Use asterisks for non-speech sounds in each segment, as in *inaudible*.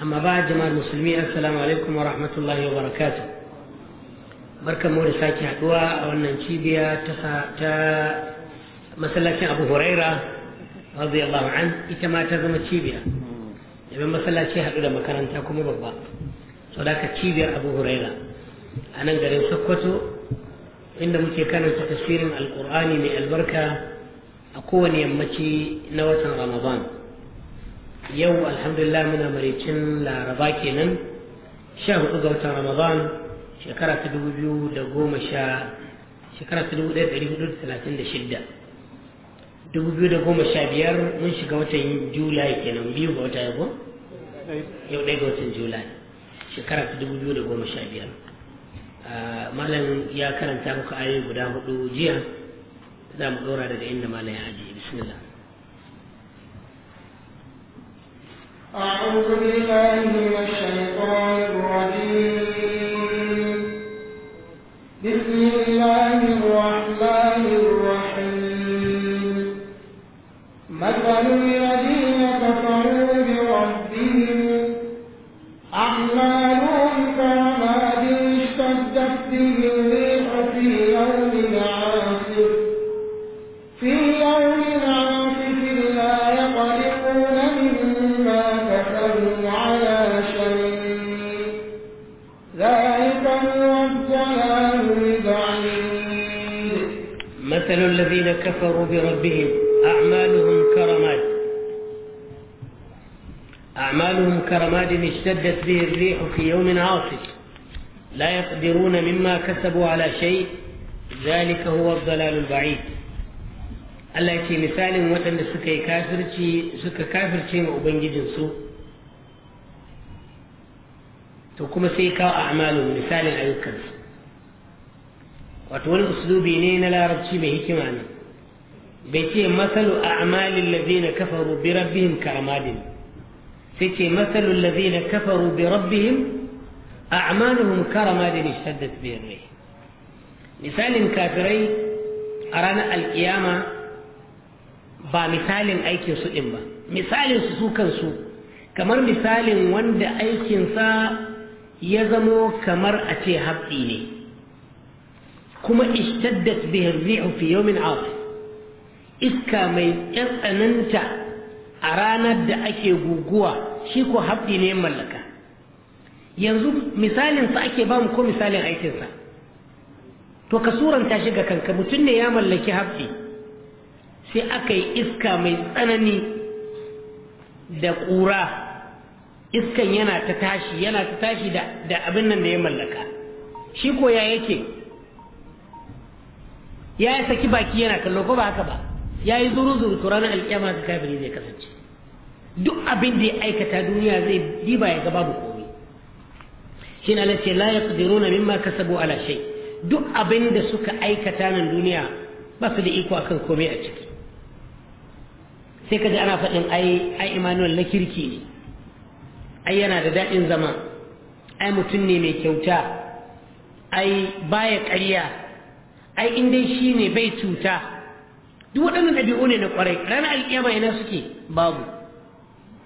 Ama ba jama'ar musulmi assalamu alaikum wa rahmatullahi wa barakatu barkan mu da sake haduwa a wannan cibiya ta masallacin abu huraira radiyallahu an ita ma ta zama cibiya domin masallaci haɗu da makaranta kuma babba sau da ka cibiyar abu huraira a garin sokoto inda muke karanta tasirin alkur'ani mai albarka a kowane yammaci na watan ramadan yau alhamdulillah muna maraicin laraba kenan sha hudu ga watan ramadan shekara ta dubu biyu da goma sha shekara ta dubu ɗaya ɗari hudu da talatin da shidda dubu biyu da goma sha biyar mun shiga watan julai kenan biyu ga wata yabo yau ɗaya ga watan julai shekara ta dubu biyu da goma sha biyar ah, malam ya karanta muka ayoyi guda hudu jiya za mu ɗora daga inda malam ya ajiye bismillah أعوذ بالله من الشيطان الرجيم بسم الله الرحمن الرحيم مثل الذين كفروا بربهم أعمالهم كرماد اشتدت به الريح في يوم الذين كفروا بربهم أعمالهم كرماد أعمالهم كرماد اشتدت به الريح في يوم عاصف لا يقدرون مما كسبوا على شيء ذلك هو الضلال البعيد الله يتي مثال waɗanda suka كافر kafirci suka kafirce ma Ubangijinsu to kuma sai kawo a amalin misalin wato wani uslubi ne na larabci mai hikima na bai ce masalu a'malil ladina kafaru bi rabbihim ka'amadin sai ce masalu ladina kafaru bi rabbihim a'maluhum karamadin ishtaddat bi rih misalin kafirai a ranar alƙiyama ba misalin aikinsu su din ba misalin su kansu kamar misalin wanda aikinsa ya zamo kamar a ce haɓɓi ne kuma ishtaddat bihi ar-rihu fi yawmin 'asif iska mai tsananta a ranar da ake guguwa shi ko haɗi ne mallaka yanzu misalinsa ake bamu ko misalin aikinsa to ka suranta shi ga kanka mutum ne ya mallaki haɗi sai aka yi iska mai tsanani da ƙura iskan yana ta tashi yana ta tashi da abin nan da ya mallaka shi ya yake ya yi saki baki yana kallo ko ba haka ba ya yi zuru zuru to ranar alƙiyama ga kafiri zai kasance duk abin da ya aikata duniya zai diba ya gaba da komai shi na lace la yaqdiruna mimma kasabu ala shai. duk abin da suka aikata nan duniya ba su da iko akan komai a ciki sai ka ji ana faɗin ai ai na kirki ne ai yana da daɗin zama ai mutum ne mai kyauta ai baya ƙarya ai in dai shi ne bai cuta duk waɗannan ɗabi'u ne na ƙwarai ranar alƙiyama ina suke babu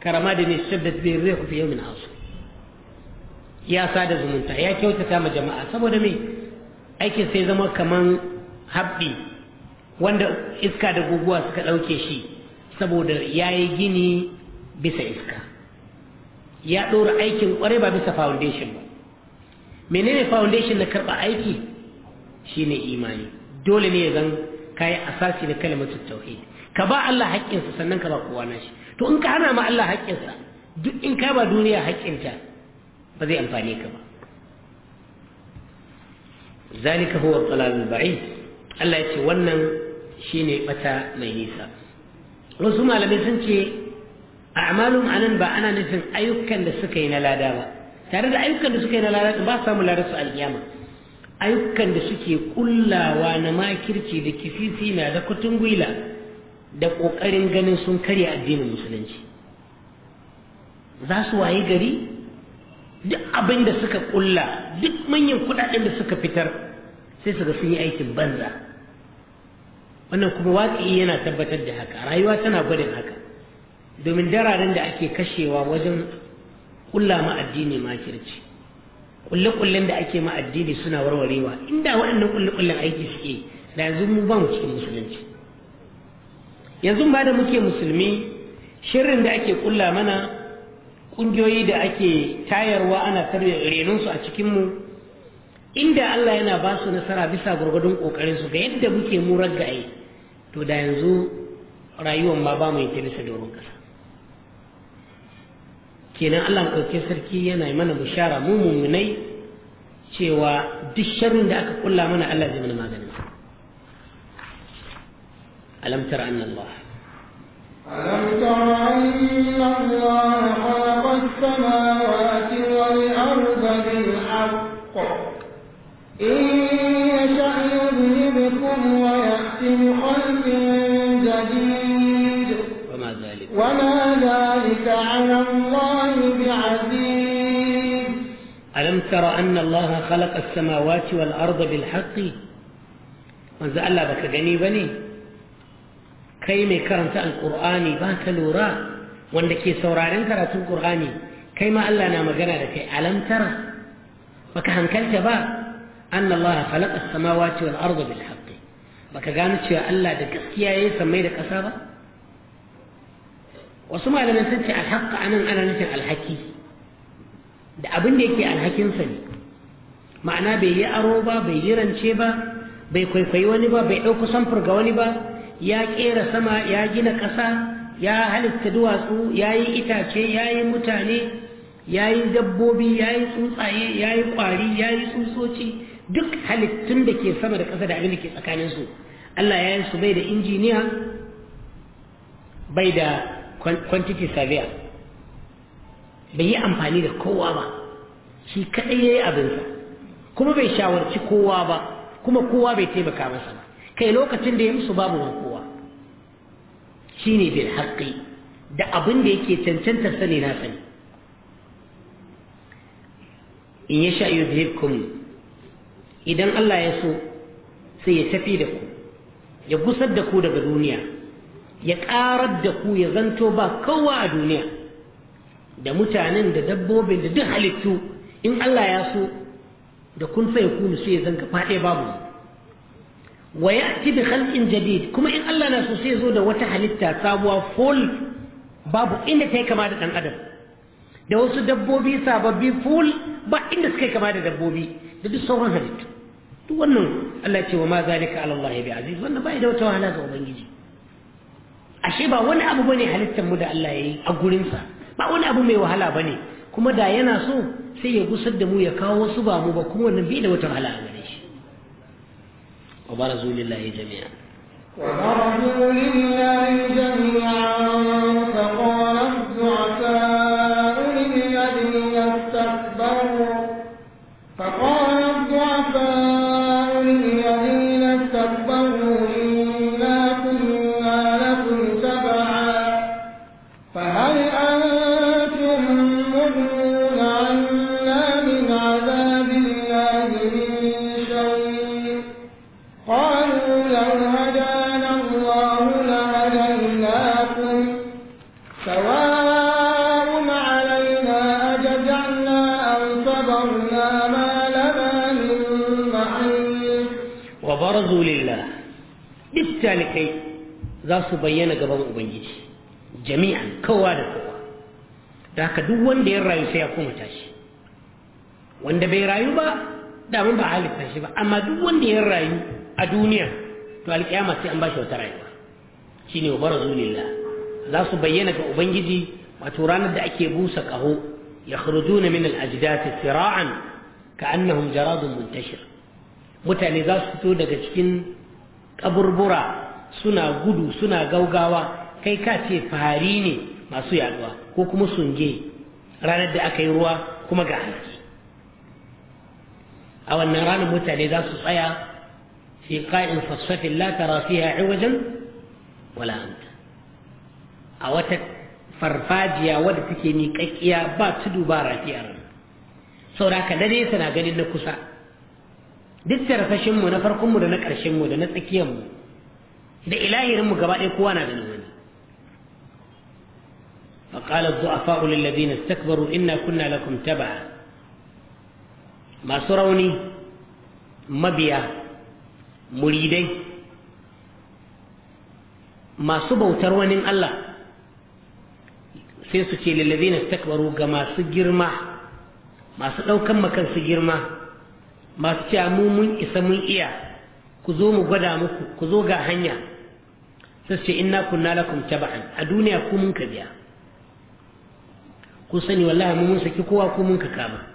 karama da ne shadda bai zai fi yau min asu ya sada zumunta ya kyautata ma jama'a saboda mai aikin sai zama kaman haɓɓi wanda iska da guguwa suka ɗauke shi saboda ya yi gini bisa iska ya ɗora aikin ƙwarai ba bisa foundation ba menene foundation na karɓa aiki shine imani dole ne ya zan kai asasi na kalmatu tauhid ka ba Allah haƙƙinsa sannan ka ba kowa nashi to in ka hana ma Allah haƙƙinsa duk in ka ba duniya haƙƙinta ba zai amfane ka ba zalika huwa qalalul ba'id Allah ya ce wannan shine bata mai nisa wasu malamai sun ce a'malum anan ba ana nufin ayyukan da suka yi na lada ba tare da ayyukan da suka yi na lada ba samu lada su alkiyama ayyukan da suke kullawa na makirci da kififi na da kutun gwila da ƙoƙarin ganin sun karya addinin musulunci za su waye gari duk abin da suka kulla duk manyan kudaden da suka fitar sai su ga sun yi aikin banza wannan kuma waƙi yana tabbatar da haka rayuwa tana gwadin haka domin dararen da ake kashewa wajen kulla ma addini makirci kulle-kullen da ake ma addini suna warwarewa inda waɗannan kulle-kullen aiki suke da yanzu mu ba mu cikin musulunci yanzu ba da muke musulmi shirin da ake kulla mana ƙungiyoyi da ake tayarwa ana tarbe renunsu a cikinmu inda Allah yana ba su nasara bisa gwargwadon su ga yadda muke mu ragaye to da yanzu rayuwar ma ba mu yi bisa doron ƙasa kenan Allah ɗauke sarki yana mana bishara mu mumunai cewa duk sharrin da aka kulla mana Allah zai mana magani alam tara anna Allah alam tara anna Allah khalaqa as-samawati wal arda bil haqq in yasha yudhhibkum wa khalqan jadid wa ma jadid wa ma ألم تر أن الله خلق السماوات والأرض بالحق manzo Allah baka gani bane kai mai karanta alqur'ani ba ka lura wanda ke sauraren karatun qur'ani kai ma Allah na magana da kai alam tara baka hankalta ba anna Allah khalaqa as-samawati wal arda bil haqq baka gani cewa Allah da gaskiya yayin samai da kasa ba wasu malamai sun ce al anan ana nufin alhaki. da abin da yake alhakinsa ne ma'ana bai yi aro ba bai yi rance ba bai kwaikwayi wani ba bai ɗauka samfur ga wani ba ya ƙera sama ya gina ƙasa ya halitta duwatsu ya yi itace ya yi mutane ya yi dabbobi ya yi tsuntsaye ya yi ƙwari ya yi tsutsoci duk halittun da ke sama da ƙasa da abin da ke tsakaninsu allah ya yi su bai da injiniya bai da quantity surveyor bai yi amfani da kowa ba shi kaɗai ya yi abinsa kuma bai shawarci kowa ba kuma kowa bai taimaka masa ba kai lokacin da ya musu babu wa kowa shi ne bil haƙƙi da abin da yake cancantar sani na sani in ya sha idan Allah ya so sai ya tafi da ku ya gusar da ku daga duniya ya ƙarar da ku ya zanto ba kowa a duniya da mutanen da dabbobin da duk halittu in Allah ya so da kun fa yakunu sai ya zanka faɗe babu wa ya'ti bi khalqin jadid kuma in Allah na so sai zo da wata halitta sabuwa full babu inda ta kama da dan adam da wasu dabbobi sababbi full ba inda suka kama da dabbobi da duk sauran halittu duk wannan Allah ce wa ma zalika ala Allah bi aziz wannan bai da wata wahala ga ubangiji ashe ba wani abu bane halittar mu da Allah yayi a gurinsa sa ba wani abu mai wahala bane kuma da yana so sai ya gusar da mu ya kawo wasu ba mu ba kuma wannan bai da wata wahala a gare shi wa barazu lillahi jami'a wa barazu lillahi jami'a fa qala du'ata لنا ما لنا من معيش وبرزوا لله za su bayyana gaban ubangiji jami'an kowa da kowa da haka duk wanda ya rayu sai ya kuma tashi wanda bai rayu ba damun ba halitta shi ba amma duk wanda ya rayu a duniya to alkiyama sai an bashi wata rayuwa shine wa barazu lillah za su bayyana ga ubangiji wato ranar da ake busa kaho yakhrujuna min al-ajdati sira'an كأنهم جراد منتشر mutane za su fito daga cikin kaburbura suna gudu suna gaugawa kai ka ce fahari ne masu yaduwa ko kuma sunge ranar da aka yi ruwa kuma ga hanki a wannan ranar mutane za su tsaya fi ka'in fasfafin latara fi fiha wajen wala hanta a wata farfajiya wadda take miƙaƙƙiya ba tudu ba rafiyar saura ka dare suna ganin na kusa duk tarfashin mu na farkon mu da na ƙarshen da na tsakiyar mu da ilahirin mu gaba ɗaya kowa na ganin wani فقال الضعفاء للذين استكبروا إنا كنا لكم تبعا ما سروني مبيا muridai masu bautar wani Allah sai suke ce lallazi takbaru ga masu girma masu ɗaukan makansu girma masu cewa mun isa mun iya ku zo mu gwada muku ku zo ga hanya sai ce inna kunna lakum tabi'an a duniya ku mun ka biya ku sani wallahi mu mun saki kowa ku mun ka kama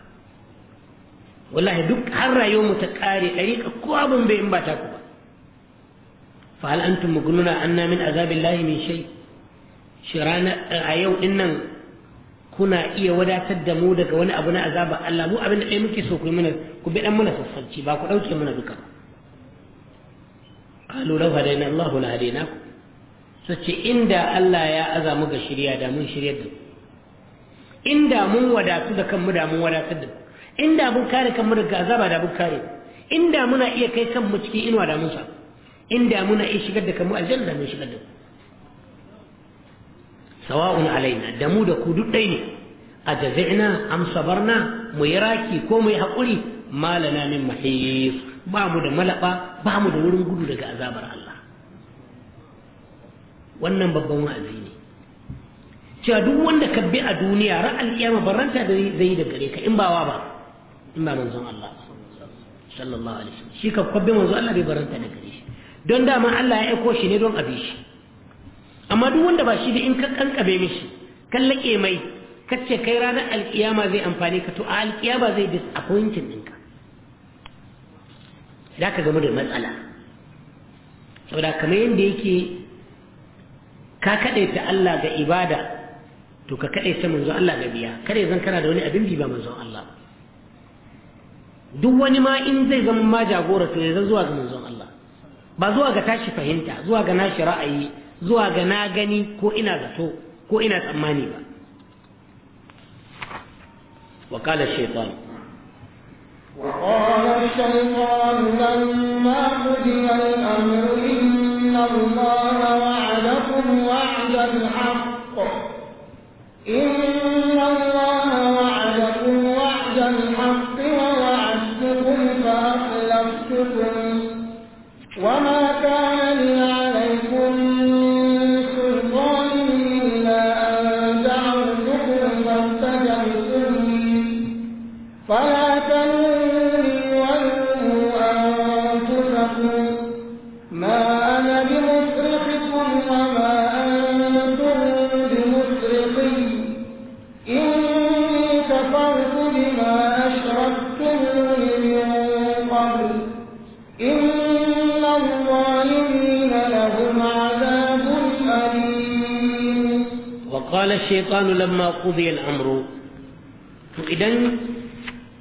wallahi duk har rayuwar mu ta kare dariƙa kowa ban bai in ba ta ku ba fa hal antum mugnuna anna min azabillahi min shay shirana a yau din nan kuna iya wadatar da mu daga wani abu na azabar Allah mu abin da ɗaya muke so ku yi mana ku bi dan mana sassalci ba ku ɗauke mana duka Kalu law hadaina Allahu la So sace inda Allah ya aza mu ga shirya da mun shiryar da inda mun wadatu da kanmu da mun wadatar da inda mun kare kanmu daga azaba da mun kare inda muna iya kai kanmu cikin inuwa da mun sa inda muna iya shigar da kanmu aljanna da mun shigar da mu sawa'un alaina da mu da ku duk ɗai ne a jazi'na am sabarna mu yi raki ko mu yi haƙuri malana min mahis ba mu da malaba ba mu da wurin gudu daga azabar Allah wannan babban wa'azi ne cewa duk wanda ka bi a duniya ra'al kiyama barranta da zai da gare ka in ba wa ba in ba manzon Allah sallallahu alaihi wasallam shi ka kwabbe manzon Allah bai barranta da gare shi don dama Allah ya aiko shi ne don abi shi amma duk wanda ba shi da in ka kankabe mishi kallake mai ka ce kai ranar alkiyama zai amfani ka to a alkiyama zai disappointing ɗinka za ka gamu da matsala saboda kamar yadda yake ka kaɗaita Allah ga ibada to ka kaɗaita manzo Allah ga biya kada zan kana da wani abin bi ba manzon Allah duk wani ma in zai zama ma jagora to ya zuwa ga manzon Allah ba zuwa ga tashi fahimta zuwa ga nashi ra'ayi zuwa ga na gani ko ina zato ko ina tsammani ba وقال الشيطان وقال الشيطان لما قضي الأمر إن الله وعدكم وعد الحق lamma qudiya al-amru to idan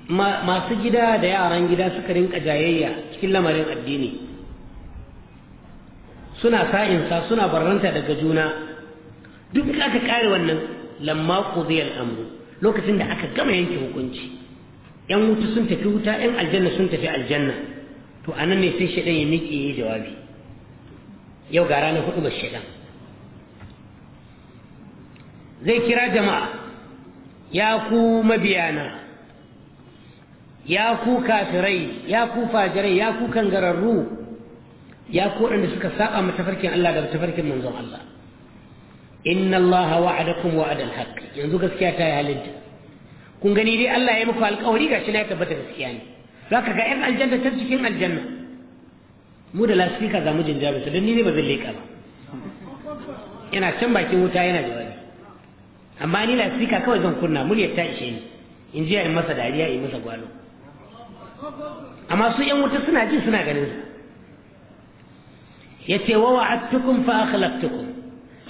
masu gida da yaran gida suka rinka jayayya cikin lamarin addini suna sa'insa suna barranta daga juna duk aka kare wannan lamma qudiya al-amru lokacin da aka gama yanke hukunci yan wuta sun tafi wuta yan aljanna sun tafi aljanna to anan ne sai shaidan ya miƙe jawabi yau ga ranar hudu ga shaidan zai kira jama'a ya ku mabiyana ya ku kafirai ya ku fajirai ya ku kangararru ya ku waɗanda suka saba matafarkin Allah da matafarkin manzon Allah inna Allah wa'adakum wa'adal haqq yanzu gaskiya ta yi halinta kun gani dai Allah ya muku alƙawari gashi na ya tabbata gaskiya ne zaka ga 'yan aljanna ta cikin aljanna mu da lasifika za mu jinja su don ni ne ba zan leƙa ba yana can bakin wuta yana jawabi amma ni na sika kawai zan kunna muryar ta ishe ni in ji in masa dariya in masa gwalo amma su yan wuta suna jin suna ganin sa yace wa wa'adtukum fa akhlaqtukum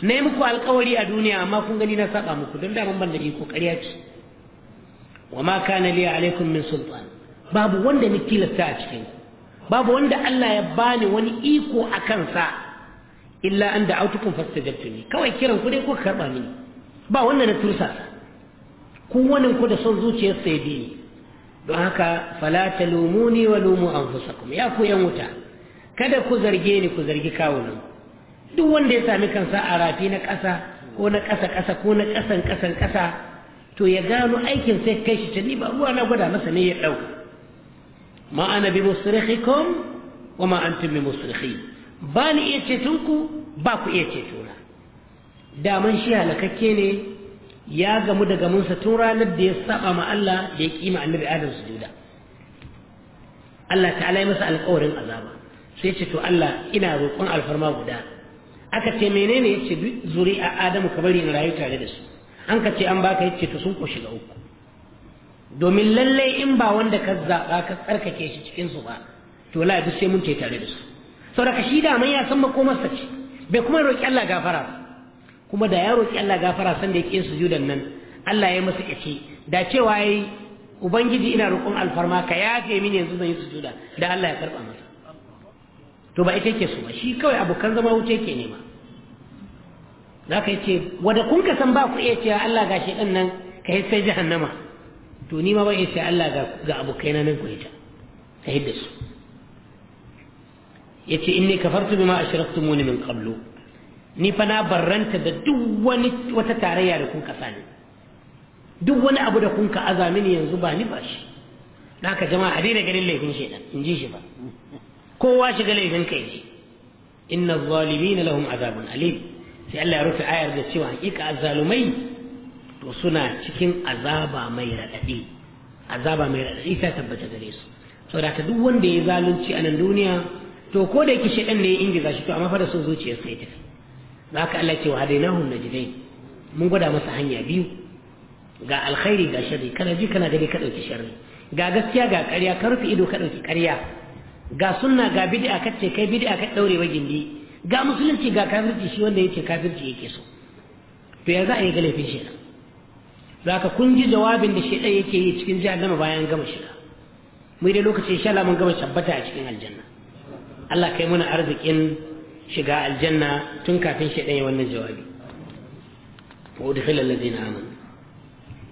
na yi muku alkawari a duniya amma kun gani na saba muku don daman ban da ko ƙarya ce wa ma kana liya alaikum min sultan babu wanda ni tilasta a cikin babu wanda Allah ya bani wani iko a kansa illa an da'autukum fastajabtuni kawai kiran ku dai ko karba mini ba wanda na tursa kowannen ku da son zuciyar sai bi don haka fala talumuni wa lumu anfusakum ya ku yan wuta kada ku zarge ni ku zargi kawunan duk wanda ya sami kansa a rafi na ƙasa ko na ƙasa ƙasa ko na ƙasan ƙasan ƙasa to ya gano aikin sai kai shi ta ba ruwa na gwada masa ne ya ɗauka ma ana bi musrikhikum wa ma antum bi musrikhi ba ni iya ku ba ku iya cetona daman shi halakakke ne ya gamu da gamunsa tun ranar da ya saba ma Allah da ya kima annabi Adam sujuda Allah ta alai masa alƙawarin azaba sai ce to Allah ina roƙon alfarma guda aka ce menene yace zuri a Adamu ka bari in rayu tare da su an ka ce an baka yace to sun koshi ga uku domin lalle in ba wanda ka zaba ka tsarkake shi cikin su ba to la sai mun ce tare da su saboda shi da man ya san makomarsa ce bai kuma roƙi Allah gafara ba kuma da ya roki Allah gafara san da yake yin sujudan nan Allah ya masa yace da cewa yayi ubangiji ina roƙon alfarma ka yafe mini yanzu zan yi sujuda da Allah ya karba masa to ba ita yake so ba shi kawai abokan zama wuce yake nema za ka ce wadda kun ka san ba ku iya cewa Allah ga shi nan ka yi sai jahannama to ni ma ba iya cewa Allah ga abokai na nan ku ta, ka hidda su yace inni kafartu bima ashraktumuni min qablu ni fa na barranta da duk wani wata tarayya da kun kasa ne duk wani abu da kun ka aza mini yanzu ba ni ba shi na ka jama'a a daina ganin laifin shi in ji shi ba kowa shiga laifin kai ne inna zalimina lahum azabun alim sai Allah ya rufe ayar da cewa hakika azzalumai to suna cikin azaba mai radadi azaba mai radadi ta tabbata gare su saboda ka duk wanda ya zalunci a nan duniya to ko da yake shedan ne ya ingiza shi to amma fa da son zuciyarsa ya tafi da haka Allah ce wa hadainahum najidai mun gwada masa hanya biyu ga alkhairi ga sharri kana ji kana gani ka dauki sharri ga gaskiya ga ƙarya ka rufe ido ka dauki ƙarya ga sunna ga bid'a ce kai bid'a ka daure wa gindi ga musulunci ga kafirci shi wanda yake kafirci yake so to yanzu a yi ga laifin shi zaka kun ji jawabin da shedan yake yi cikin jahannama bayan gama shiga mu da lokacin insha Allah mun gama tabbata a cikin aljanna Allah kai muna arzikin shiga aljanna tun kafin shi dan ya wannan jawabi wa udkhil alladhina amanu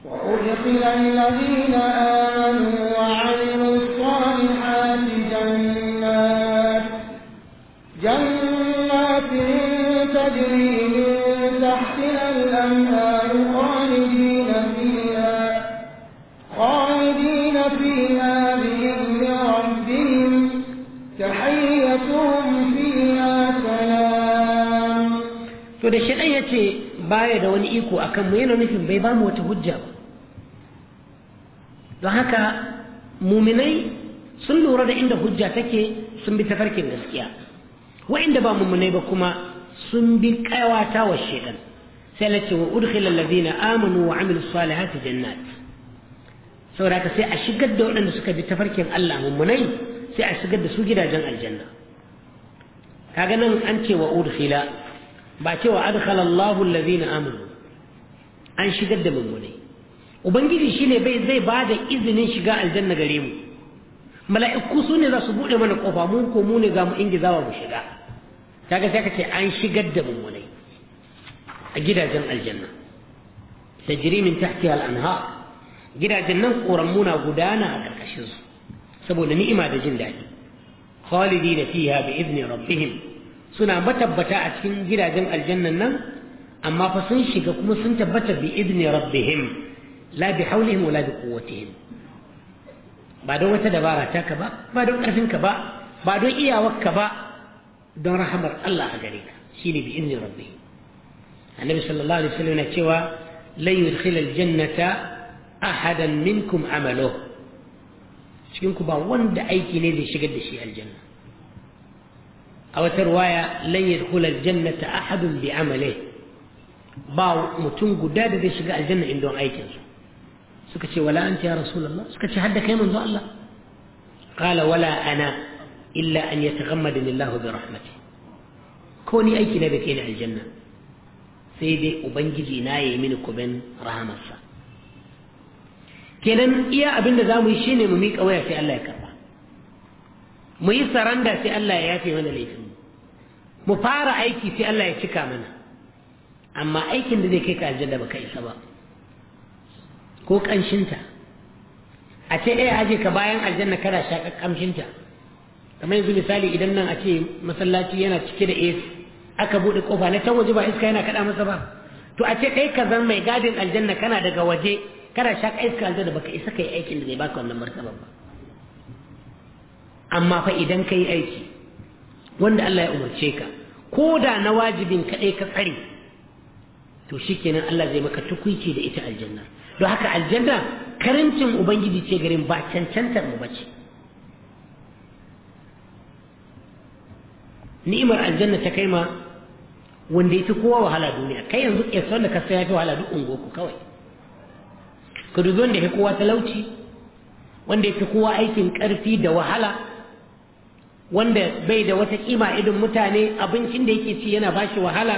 wa udkhil alladhina وأدخل الذين آمنوا وعملوا jannat jannatin tajri min tahtiha al الأنهار to da shaidan ya ce baya da wani iko akan mu yana nufin bai ba mu wata hujja ba don haka muminai sun lura da inda hujja take sun bi tafarkin gaskiya wa'inda ba muminai ba kuma sun bi kawata wa shaidan sai la ce wa udkhilal ladina amanu wa amilus salihati jannat saboda sai a shigar da waɗanda suka bi tafarkin Allah muminai sai a shigar da su gidajen aljanna kaga nan an ce wa udkhila ba cewa adkhala Allahu allazina amanu an shigar da mummune ubangiji shine bai zai bada izinin shiga aljanna gare mu mala'iku su ne za su bude mana kofa mun ko mu ne za mu ingizawa mu shiga kaga sai ce an shigar da mummune a gidajen aljanna tajri min tahtiha al gidajen nan koran na gudana a karkashin su saboda ni'ima da jin daɗi khalidina fiha bi idni rabbihim suna matabbata a cikin gidajen aljannan nan amma fa sun shiga kuma sun tabbata bi idni rabbihim la bi hawlihim wala bi quwwatihim ba don wata dabara ta ka ba ba don karfin ka ba ba don iyawarka ba don rahamar Allah a gare ka shine bi idni rabbihim annabi sallallahu alaihi wasallam yana cewa lan yudkhil aljannata ahadan minkum amaluhu cikin ku ba wanda aiki ne zai shigar da shi aljanna او ترواية لن يدخل الجنة احد بعمله باو متون قداد دي شقاء الجنة عندهم اي جنس سكتشي ولا انت يا رسول الله سكتشي حدك يا من الله قال ولا انا الا ان يتغمدني الله برحمته كوني اي كده بكين الجنة سيدي وبنجي ناي من كوبين رحمة الله كنن ايا ابن نظام يشيني مميك اويا في الله يكرم mu yi saranda sai Allah ya yafe mana laifin mu fara aiki sai Allah ya cika mana amma aikin da zai kai ka aljanna baka isa ba ko kanshinta a ce ɗaya eh, aje ka bayan aljanna kana shaƙar kamshinta kamar yanzu misali idan nan a ce masallaci yana cike da AC aka buɗe ƙofa na ta waje ba iska yana kaɗa masa ba to a ce kai ka zan mai gadin aljanna kana daga waje kana shaƙa iska aljanna baka isa kai aikin da zai baka wannan martaba ba amma fa idan ka yi aiki wanda Allah ya umarce ka ko da na wajibin kaɗai ka tsare to shikenan Allah zai maka tukuici da ita aljanna don haka aljanna karancin ubangiji ce garin ba cancantar mu bace ni'imar aljanna ta kai ma wanda ya fi kowa wahala duniya kai yanzu ƙesar da ka sai ya fi wahala duk ungoku kawai ka dubi wanda ya fi kowa talauci wanda ya fi kowa aikin ƙarfi da wahala wanda bai da wata kima idan mutane abincin da yake ci yana bashi wahala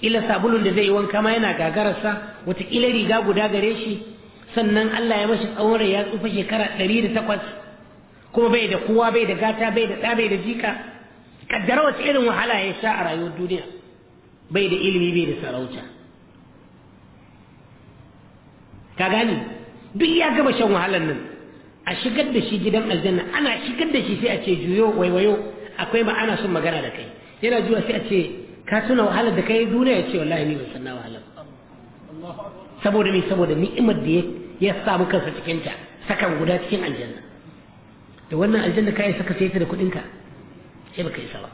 kila sabulun da zai yi wanka ma yana gagararsa kila riga guda gare shi sannan Allah ya mashi tsawon rai ya tsufa shekara ɗari da takwas kuma bai da kowa bai da gata bai da ɗa bai da jika kaddara wata irin wahala ya sha a rayuwar duniya bai da ilimi bai da sarauta ka gani duk ya gaba shan wahalar nan a shigar da shi gidan aljanna ana shigar da shi sai a ce juyo waiwayo akwai ma ana son magana da kai yana juwa sai a ce ka tuna wahalar da kai duniya ya ce wallahi ni ban san na wahalar saboda me saboda ni'imar da ya samu kansa cikin ta sakan guda cikin aljanna da wannan aljanna yi saka sai ta da kudin ka sai baka isa ba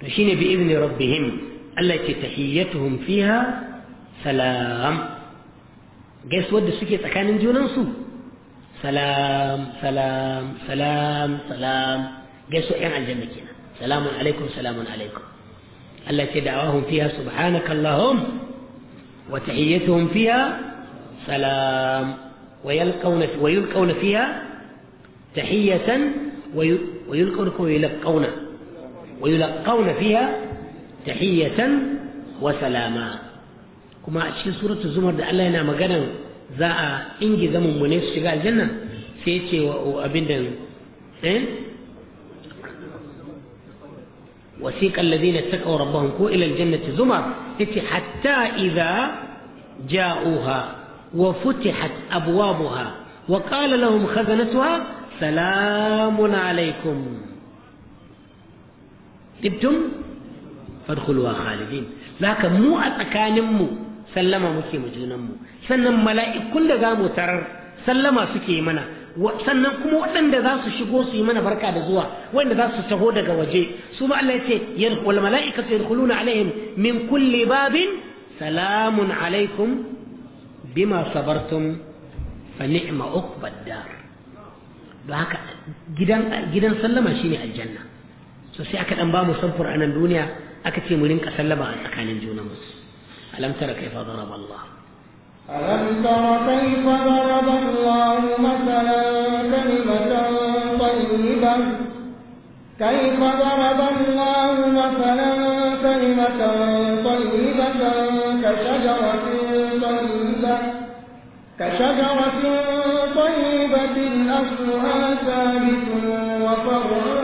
to shine bi izni rabbihim Allah ke tahiyyatuhum fiha salam جس ود سكيت أكان نجيو ننسو سلام سلام سلام سلام جسو إيان عن الجنة سلام عليكم سلام عليكم التي دعواهم فيها سبحانك اللهم وتحيتهم فيها سلام ويلقون ويلقون فيها تحية ويلقون ويلقون ويلقون فيها تحية وسلاما كما a سورة الزمر zumar da Allah yana magana za a ingi zaman mu ne su shiga aljanna sai وثيق الذين اتقوا ربهم كو الى الجنه زمر حتى اذا جاؤوها وفتحت ابوابها وقال لهم خزنتها سلام عليكم تبتم فادخلوها خالدين لكن مو اتكانمو sallama muke mu junanmu sannan mala'ikun da za mu tarar sallama suke mana sannan kuma waɗanda za su shigo su yi mana barka da zuwa waɗanda za su taho daga waje su ma Allah ya ce su mala'ikatu yadkhuluna alaihim min kulli babin salamun alaikum bima sabartum fa ni'ma uqbad dar don haka gidan gidan sallama shine aljanna so sai aka dan ba mu samfur a nan duniya aka ce mu rinka sallama a tsakanin junanmu ألم تر كيف ضرب الله ألم تر كيف ضرب الله مثلا كلمة طيبة كيف ضرب الله مثلا كلمة طيبة كشجرة طيبة كشجرة طيبة أصلها ثابت وفرعها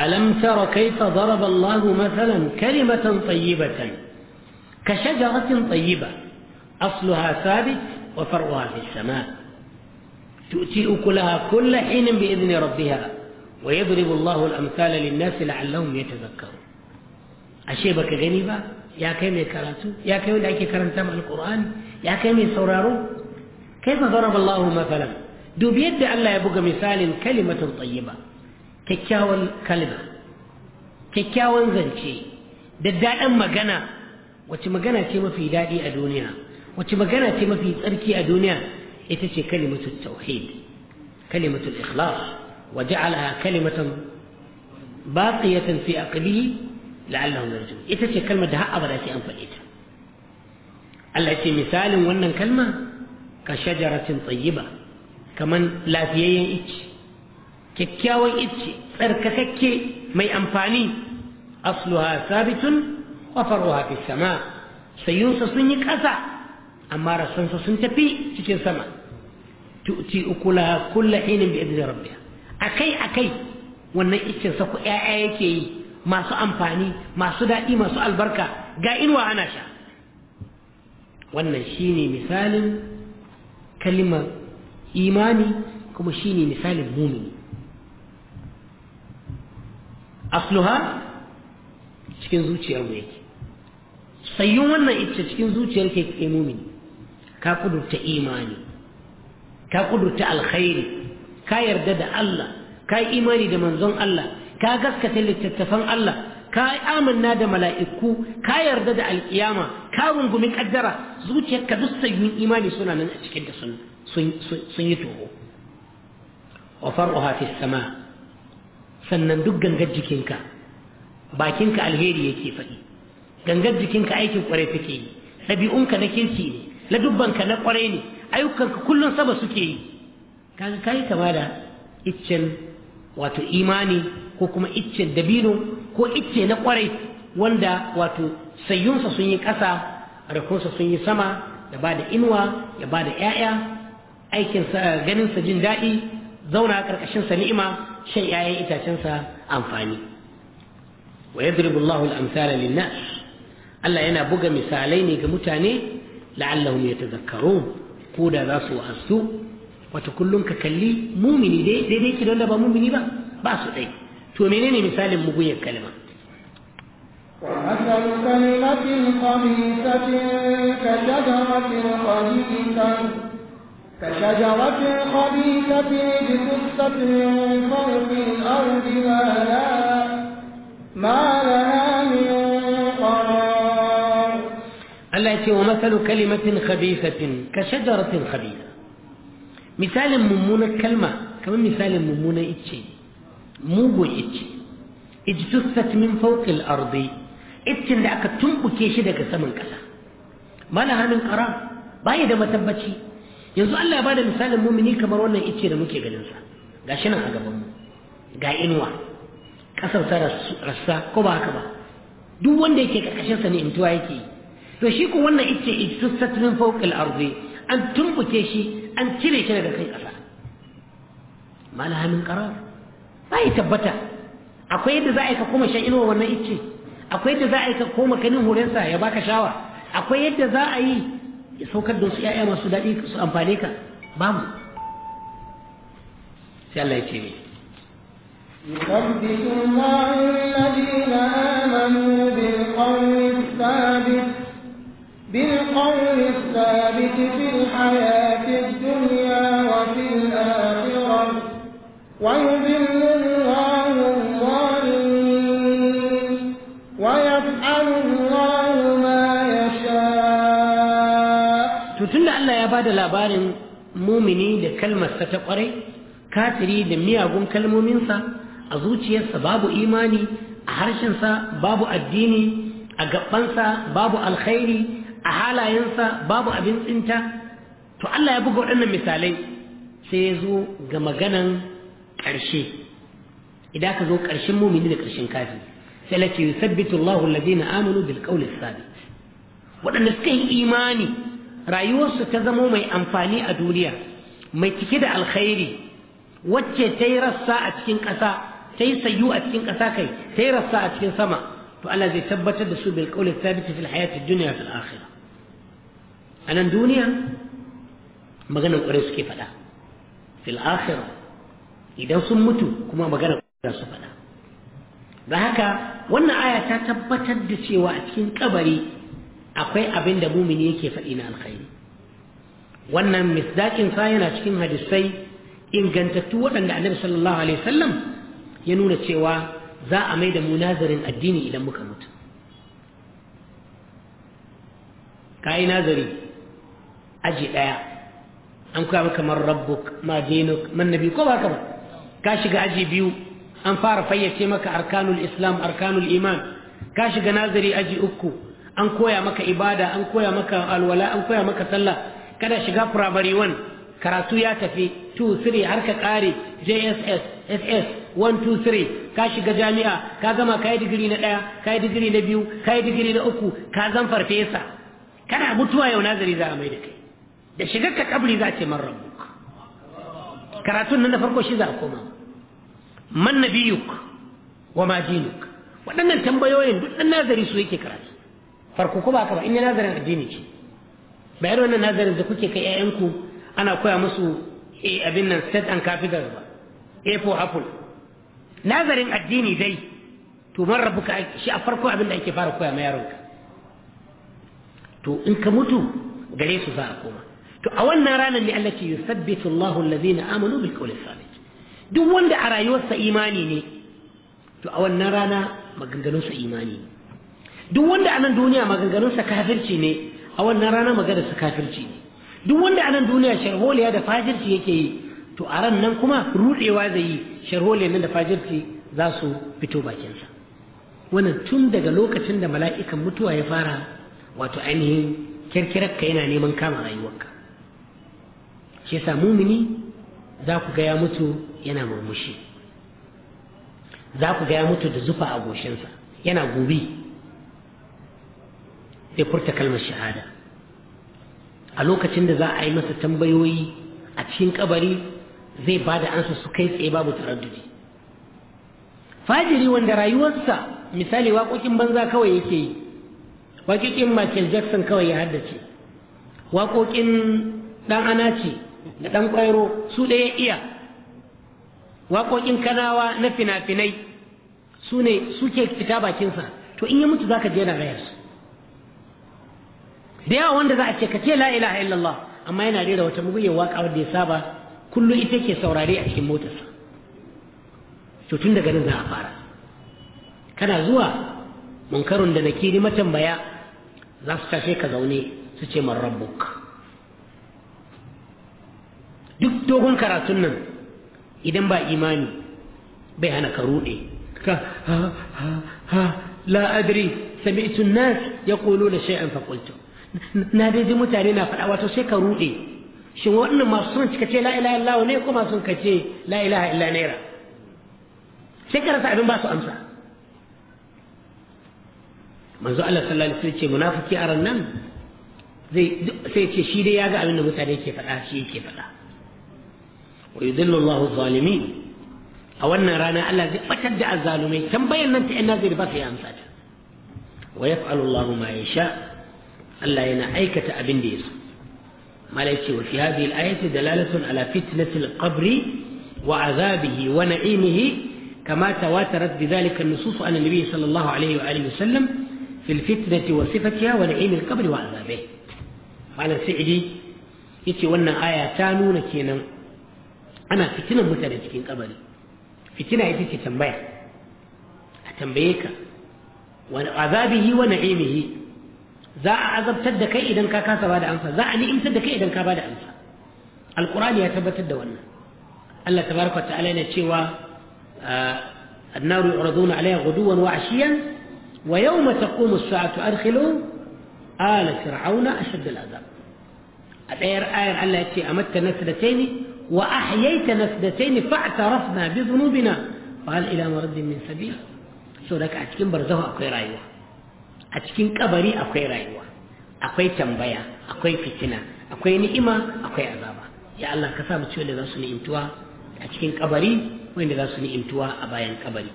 ألم تر كيف ضرب الله مثلا كلمة طيبة كشجرة طيبة أصلها ثابت وفرعها في السماء تؤتي أكلها كل حين بإذن ربها ويضرب الله الأمثال للناس لعلهم يتذكرون أشيبك غنيبة يا كم يكرتوا يا كم يدعيك كرمت مع القرآن يا كم يسرروا كيف ضرب الله مثلا دو بيد الله يبقى مثال كلمة طيبة kyakkyawan kalma kyakkyawan zance da daɗin magana wace magana ce mafi daɗi a duniya wace magana ce mafi tsarki a duniya ita ce kalimatu tauhid kalimatu ikhlas wa ja'alaha kalimatan baqiyatan fi aqlihi la'allahum yarji'un ita ce kalma da har abada ce an faɗe ta Allah ce misalin wannan kalma ka shajaratin tayyiba kaman lafiyayyen ice kyakkyawan icce tsarkakakke mai amfani asluha sabitun wa fi sama sayunsa sun yi ƙasa amma rasansa sun tafi cikin sama tu'ti ukulaha kullu hinin bi idni rabbiha akai akai wannan iccen sa ku ƴaƴa yake yi masu amfani masu daɗi masu albarka ga inuwa ana sha wannan shine misalin kalimar imani kuma shine misalin mumini asluha cikin zuciyar mu yake sayyun wannan ita cikin zuciyar ke kai mumini ka kudurta imani ka kudurta alkhairi ka yarda da Allah ka yi imani da manzon Allah ka gaskata littattafan Allah ka amanna da mala'iku ka yarda da alkiyama ka rungumi kaddara zuciyarka duk sayyun imani suna nan a cikin da sun yi toho wa far'uha fi sama sannan duk gangar jikinka bakinka alheri yake faɗi gangar jikinka aikin kwarai take yi ɗabi'unka na kirki ne ladubbanka na kwarai ne ayyukanka kullum saba suke yi kaga kai kama da iccen wato imani ko kuma iccen dabino ko icce na kwarai wanda wato sayyunsa sun yi ƙasa rakunsa sun yi sama ya ba da inuwa ya ba da 'ya'ya aikinsa ganinsa jin daɗi zauna ƙarƙashinsa ni'ima shan 'ya'yan itacensa amfani wa yadribu Allahu al-amsala lin Allah yana buga misalai ne ga mutane la'allahum zakkaru, ko da za su wa'azu wata kullum ka kalli mumini daidai ki da ba mumini ba ba su dai to menene misalin muguyar kalma ومثل كلمة خبيثة كشجرة خبيثة كشجرة خبيثة اجتثت من فوق الأرض ما لها, ما لها من قرار التي ومثل كلمة خبيثة كشجرة خبيثة مثال ممونة كلمة كما مثال ممونة إتشي موبو إتشي اجتثت من فوق الأرض إتشي دعك تنبكي شدك سمن كسا ما لها من قرار باية تبتشي yanzu Allah ya bada misalin mumini kamar wannan ice da muke ganin sa gashi nan a gaban mu ga inuwa kasar ta rassa ko ba haka ba duk wanda yake karkashin sa ne intuwa yake yi to shi ko wannan ice ijtisat min fawqil ardi an tumbuke shi an cire shi daga kan kasa malaha min qarar yi tabbata akwai yadda za a yi ka koma shan inuwa wannan ice akwai yadda za a yi ka koma kanin hurensa ya baka shawa akwai yadda za a yi ya saukar da wasu ‘ya'ya masu daɗi su amfane ka babu sai Allah ya ce ne يثبت الله الذين آمنوا بالقول الثابت بالقول الثابت في الحياة الدنيا وفي الآخرة ويذل ba da labarin mumini da kalmarsa ta kwarai katiri da miyagun kalmominsa a zuciyarsa babu imani a harshensa babu addini a gabansa babu alkhairi a halayensa babu abin tsinta to Allah ya buga waɗannan misalai sai ya zo ga maganan ƙarshe idan ka zo ƙarshen mumini da ƙarshen kafi sai lake yusabbitu Allahu alladhina amanu bil qawli sabit waɗanda suka yi imani rayuwarsu ta zamo mai amfani a duniya mai cike da alkhairi wacce ta yi rassa a cikin ƙasa ta yi sayu a cikin ƙasa kai ta yi rassa a cikin sama to Allah zai tabbatar da su bil qawli thabit fil hayati dunya fil akhirah a nan duniya maganar ƙwarai suke faɗa fil akhirah idan sun mutu kuma maganar ƙwarai su faɗa da haka wannan aya ta tabbatar da cewa a cikin kabari akwai abin da mumini yake faɗi na alkhairi wannan misdakin sa yana cikin hadisai ingantattu waɗanda annabi sallallahu alaihi wasallam ya nuna cewa za a mai da mu nazarin addini idan muka mutu ka yi nazari aji ɗaya an kuwa maka man rabbuk ma dinuk man nabi ko ba ba ka shiga aji biyu an fara fayyace maka arkanul islam arkanul iman ka shiga nazari aji uku an koya maka ibada an koya maka alwala an koya maka sallah kada shiga primary one karatu ya tafi 2 3 har ka kare JSS SS 1 2 3 ka shiga jami'a ka gama ka yi digiri na ɗaya ka yi digiri na biyu ka yi digiri na uku ka zan farfesa kana mutuwa yau nazari za a mai da kai da shigar ka kabri za ce man rabbuk karatun nan da farko shi za a koma man nabiyuk wa ma dinuk waɗannan tambayoyin duk ɗan nazari su yake karatu farko ko ba haka ba in yi nazarin addini ce ba irin wannan nazarin da kuke kai ƴaƴanku ana koya musu eh, abin nan state and capital ba a for apple nazarin addini dai to man rabuka shi a farko abin da ake fara koya ma yaronka to in ka mutu gare su za a koma to a wannan ranar ne Allah ke yusabbitu Allahu allazina amanu bil qawli sabit duk wanda a rayuwarsa imani ne to a wannan rana maganganunsa imani ne duk wanda a nan duniya maganganunsa kafirci ne a wannan rana maganar kafirci ne duk wanda a nan duniya sharholiya da fajirci yake yi to a ran nan kuma ruɗewa zai yi sharholiya nan da fajirci za su fito bakinsa wannan tun daga lokacin da mala'ikan mutuwa ya fara wato ainihin kirkirar ka yana neman kama rayuwarka shi yasa mumini za ku ga ya mutu yana murmushi za ku ga ya mutu da zufa a goshinsa yana gobe ya furta kalmar shahada a lokacin da za a yi masa tambayoyi a cikin kabari zai ba da ansa su kai tsaye babu taraddudi fajiri wanda rayuwarsa misali waƙoƙin banza kawai yake yi waƙoƙin michael jackson kawai ya haddace waƙoƙin ɗan anace da ɗan ƙwairo su ɗaya iya waƙoƙin kanawa na fina-finai su ne suke fita bakinsa to in ya mutu za ka je na rayarsu da yawa wanda za a ce ka ce la ilaha illallah amma yana rera wata muguyar waka wanda ya saba kullum ita ke saurari a cikin motarsa to tun daga nan za a fara kana zuwa munkarun da nakiri matambaya za su tashe ka zaune su ce man rabbuk duk dogon karatun nan idan ba imani bai hana ka rude ka ha ha ha la adri sami'tu nas yaquluna shay'an fa qultu na dai ji mutane na faɗa wato sai ka ruɗe shin waɗannan masu sunan cika ce la ilaha illallah ne ko masu ka ce la ilaha illa naira sai ka rasa abin ba su amsa manzo Allah sallallahu alaihi wasallam ce munafiki a ran nan zai sai ce shi dai ya ga abin da mutane ke faɗa shi yake faɗa wa yudillu Allahu zalimin a wannan rana Allah zai batar da azzalumai tambayar nan ta ina zai ba su ya amsa ta wa yaf'alu Allahu ma yasha' Allah yana aikata abin da ya so. Malaice wa fi hadhihi al-ayati dalalatun ala fitnatil qabri wa azabihi wa na'imihi kama tawatarat bi dhalika an-nusus an an sallallahu alayhi wa alihi wasallam fi al-fitnati wa sifatiha wa na'im al-qabr wa azabihi. Malam Sa'idi yace wannan aya ta nuna kenan ana fitinan mutane cikin kabari. Fitina ita ce tambaya. A tambaye ka wa azabihi wa na'imihi za a azabtar da kai idan ka kasa bada amsa za a ni'imtar da kai idan ka bada amsa alqur'ani ya tabbatar da wannan Allah tabaraka ta'ala yana cewa النار يعرضون عليها غدوا وعشيا ويوم تقوم الساعة أدخلوا آل فرعون أشد العذاب الآية آية الله يتي أمت نسلتين وأحييت نسلتين فاعترفنا بذنوبنا فهل إلى مرد من سبيل سورة أتكين برزه أكوي رايوه a cikin kabari akwai rayuwa akwai tambaya akwai fitina akwai ni'ima akwai azaba ya Allah ka sa mu ciwo da za su ni'imtuwa a cikin kabari wanda za su ni'imtuwa a bayan kabari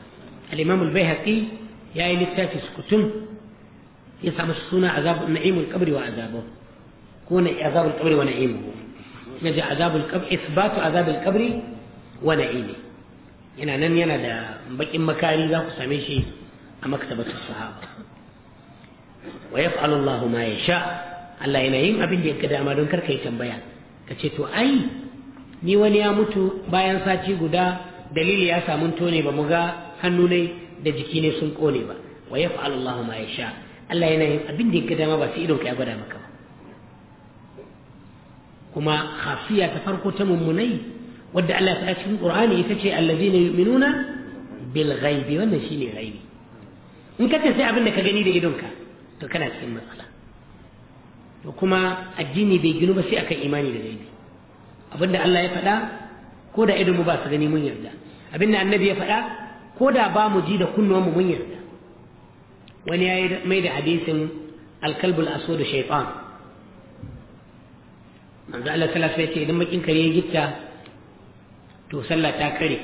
al-imam al bayhaqi ya yi littafi sukutun ya samu suna azabul na'imul kabri wa azabu ko na azabul kabri wa na'imuhu yaji azabul kabri isbatu azabul kabri wa na'imi yana nan yana da bakin makari za ku same shi a maktabatus sahaba wa yaf'alu Allahu ma yasha Allah yana yin abin da yake dama don karka yi tambaya ka ce to ai ni wani ya mutu bayan sati guda dalili ya samu tone ba mu ga hannu ne da jiki ne sun kone ba wa yaf'alu Allahu ma yasha Allah yana yin abin da yake dama ba sai idon ka ya gwada maka ba kuma hafiya ta farko ta mummunai wadda Allah ta cikin Qur'ani ita ce allazina yu'minuna bil ghaibi wannan shine ghaibi in ka sai abin da ka gani da idonka to kana cikin matsala to kuma addini bai ginu ba sai akan imani da gaibi abinda Allah ya faɗa ko da idon mu ba su gani mun yarda abinda annabi ya faɗa ko da ba mu ji da kunnuwan mu mun yarda wani ya yi mai da hadisin alkalbul aso da shaitan manzo Allah sallallahu alaihi ce idan bakin kare ya gitta to sallah ta kare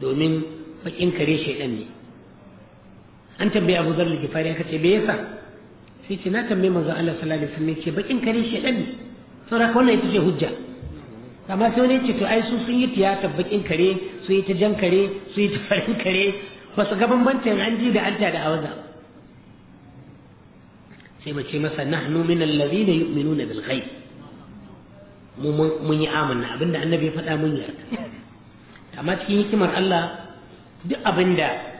domin bakin kare shaiɗan ne an tambayi Abu Dharr al-Ghifari aka ce me yasa sai ce na tambaye manzon Allah sallallahu alaihi wasallam ce bakin kare shi shedan ne saboda wannan ita ce hujja amma sai wani ce to ai su sun yi tiyata bakin kare su yi ta jan kare su yi ta *laughs* farin kare ba su ga bambancin an ji da an ta da awaza sai mu ce masa nahnu min alladhina yu'minuna bil ghaib mu mun yi amanna abinda annabi ya faɗa mun yi amma cikin hikimar Allah duk abinda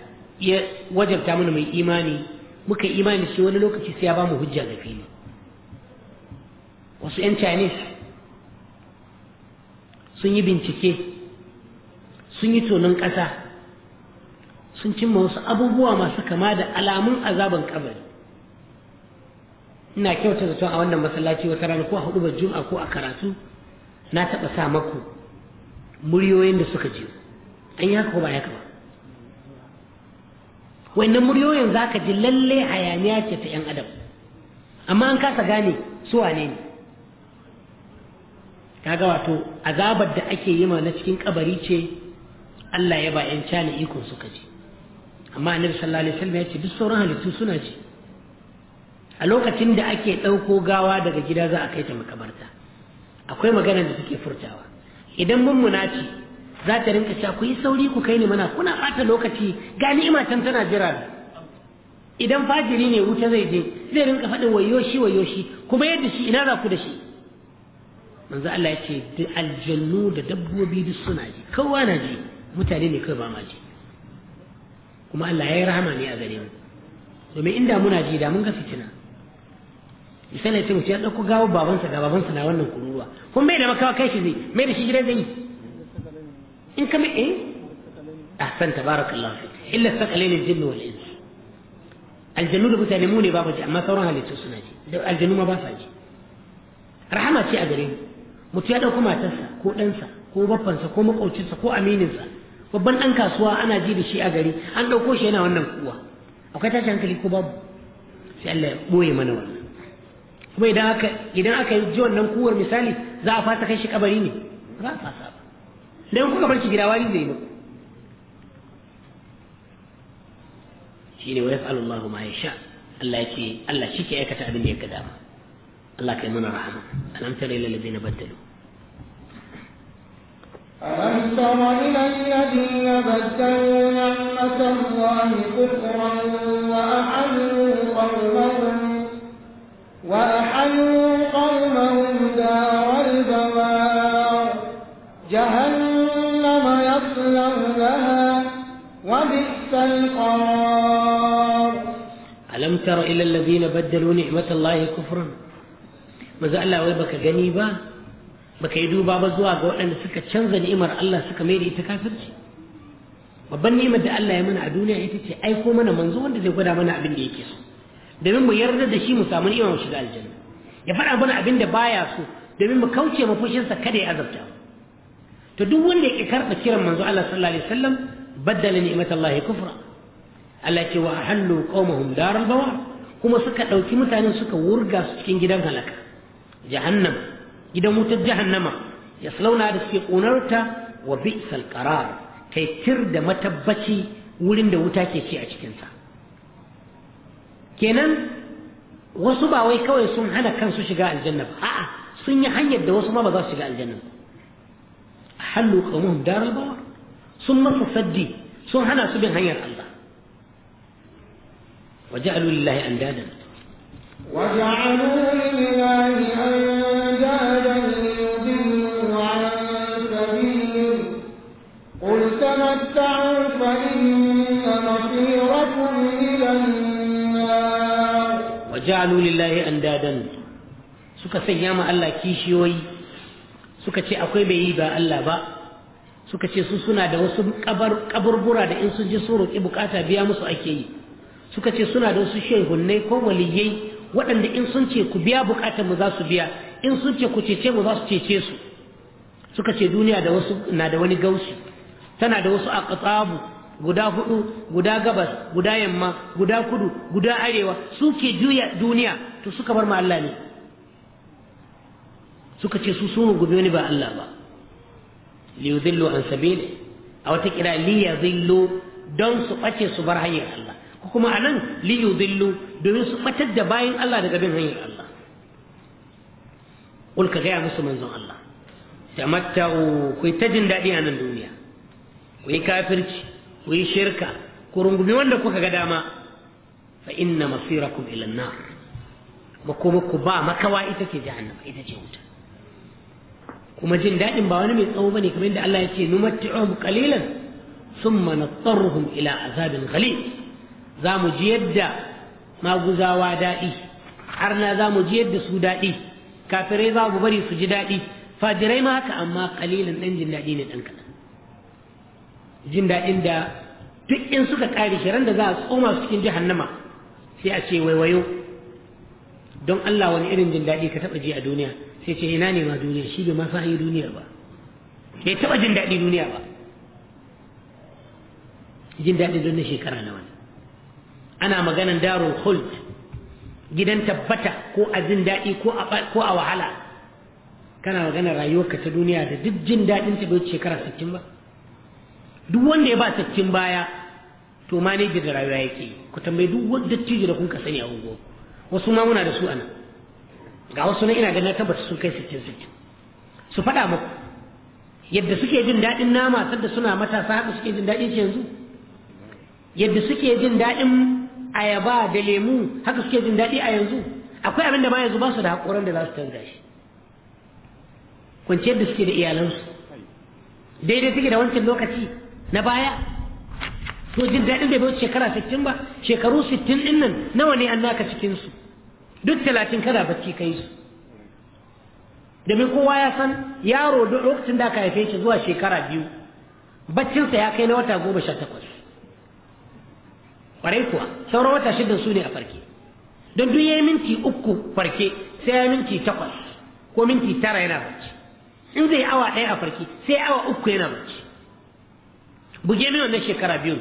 ya wajabta mana mai imani muka yi imani shi wani lokaci sai ya ba mu hujja ga fili wasu 'yan chinese sun yi bincike sun yi tonon kasa sun cimma wasu abubuwa masu kama da alamun azaban kabari ina kyauta zaton a wannan masallaci wata rana ko a hudu juma'a ko a karatu na taɓa sa maku muryoyin da suka je an yi haka ko ba ya kama. Wai na muryoyin za ka ji lalle hayaniya ce ta 'yan adam amma an kasa gane su wane ne kaga wato azabar da ake yi na cikin kabari ce Allah ya ba 'yan cana ikon suka ji amma annabi sallallahu alaihi wasallam ya ce duk sauran halittu suna ji a lokacin da ake ɗauko gawa daga gida za a kai ta makabarta akwai maganar da suke furtawa idan mummuna ci. za ta rinka cewa ku yi sauri ku kai ni mana kuna ɓata lokaci ga ni'ima can tana jira idan fajiri ne wuta zai je zai rinka faɗin wayo shi wayo shi kuma yadda shi ina za ku da shi manzo Allah ya ce da aljannu da dabbobi duk suna ji kowa na ji mutane ne kai ba ma ji kuma Allah ya yi rahama ne a gare mu domin inda muna ji da mun ga fitina misali ya ce mutum ya dauko gawo babansa ga babansa na wannan kururuwa kuma mai da makawa kai shi zai mai da shi gidan zai yi إن كم إيه أحسنت بارك الله فيك إلا الثقلين الجن والإنس الجنو da mutane mu ne ba ji amma sauran halittu suna ji aljanu ma ba sa rahama ce a gare mu mutu ya dauko matarsa ko ɗansa ko babbansa ko makaucinsa ko amininsa babban ɗan kasuwa ana ji da shi a gari an ɗauko shi yana wannan kuwa akwai tashi hankali ko babu sai Allah ya ɓoye mana wannan kuma idan aka idan aka ji wannan kuwar misali za a fasa kai shi kabari ne za a fasa ba dan kuka bar shi gida wani zai muku shine wa yaf'alu Allahu ma yasha Allah yake Allah shi ke aikata abin da ya gada ma Allah kai mana rahama alam tara ila alladhina badalu ألم تر إلى الذين بدلوا نعمة الله كفرا وأحلوا قومهم وأحلوا قومهم دار بئس القرار ألم تر إلى الذين بدلوا نعمة الله كفرا maza Allah wai baka gani ba baka yi duba ba zuwa ga waɗanda suka canza ni'imar Allah suka mai da ita kafirci babban ni'imar da Allah ya mana a duniya ita ce aiko mana manzo wanda zai gwada mana abin da yake so domin mu yarda da shi mu samu ni'imar mu shiga aljanna ya faɗa mana abin da baya so domin mu kauce mafushinsa kada ya azabta to duk wanda ya ƙi karɓa kiran manzo Allah sallallahu alaihi wasallam baddala ni'matallahi kufra Allah ce wa ahallu qaumahum daral kuma suka ɗauki mutanen suka wurga su cikin gidan halaka jahannam gidan wutar jahannama yaslauna da suke ƙonarta wa bi'sal qarar kai tir da matabbaci wurin da wuta ke ci a cikinsa kenan wasu ba wai kawai sun hana kansu shiga aljanna ba a'a sun yi hanyar da wasu ma ba za su shiga aljanna ba hallu qaumuhum daral ثم تفدي سبحان سبحان هنيا الله وجعلوا لله اندادا وجعلوا لله اندادا ليضلوا عن سبيله قل تمتعوا فان مصيركم الى النار وجعلوا لله اندادا suka sanya ma كيشيوي kishiyoyi suka ce akwai bai yi suka ce su suna da wasu kaburbura da in sun ji sun roƙi bukata biya musu ake yi suka ce suna da wasu shehunnai ko waliyai waɗanda in sun ce ku biya bukatar mu za su biya in sun ce ku cece mu za su cece su suka ce duniya da wasu na da wani gaushi tana da wasu aqtabu guda hudu guda gabas guda yamma guda kudu guda arewa suke juya duniya to suka bar ma Allah ne suka ce su sun gube wani ba Allah ba liyudillu an sabili a wata kira liyadillu don su ɓace su bar hanyar Allah ko kuma a nan liyudillu domin su ɓatar da bayan Allah daga bin hanyar Allah kul ka gaya musu manzon Allah tamatta'u ku ta jin daɗi a nan duniya ku yi kafirci ku yi shirka ku rungumi wanda kuka ga dama fa inna masirakum ila an-nar makoma ku ba makawa ita ce jahannama ita ce wuta kuma jin daɗin ba wani mai tsawo bane kamar yadda Allah ya ce numatti'uhum qalilan thumma nattaruhum ila azabin ghalib za mu ji yadda maguzawa daɗi har na za mu ji yadda su daɗi kafirai za mu bari su ji daɗi fajirai ma haka amma qalilan ɗan jin daɗi ne ɗan kaɗan jin daɗin da duk in suka ƙare shirin da za a tsoma su cikin jahannama sai a ce waiwayo don Allah wani irin jin daɗi ka taɓa ji a duniya sai ce ina ne ma duniya shi bai ma yi duniya ba bai taɓa jin daɗi duniya ba jin daɗi don na shekara na wani ana maganan daro hold gidan tabbata ko a jin daɗi ko a wahala kana maganar rayuwarka ta duniya da duk jin daɗin ta bai shekara sittin ba duk wanda ya ba sittin baya to ma ne da rayuwa yake ku tambayi duk wanda tijira da kun ka sani a unguwa wasu ma muna da su ana. ga wasu na ina ganin na tabbata sun kai sittin sittin su faɗa muku yadda suke jin daɗin nama sadda suna matasa haka suke jin daɗin shi yanzu yadda suke jin daɗin ayaba da lemu haka suke jin daɗi a yanzu akwai abin da ma yanzu ba su da haƙoran da za su canza shi kwanciyar da suke da iyalansu daidai suke da wancan lokaci na baya to jin daɗin da bai wuce shekara sittin ba shekaru sittin ɗin nan nawa ne an naka cikinsu duk talatin kada bacci ka yi su domin kowa ya san yaro lokacin da aka haife shi zuwa shekara biyu baccinsa ya kai na wata goma sha takwas kwarai kuwa sauran wata shidan su ne a farke don duk ya yi minti uku farke sai ya minti takwas ko minti tara yana bacci in zai awa ɗaya a farke sai awa uku yana bacci buge min wannan shekara biyu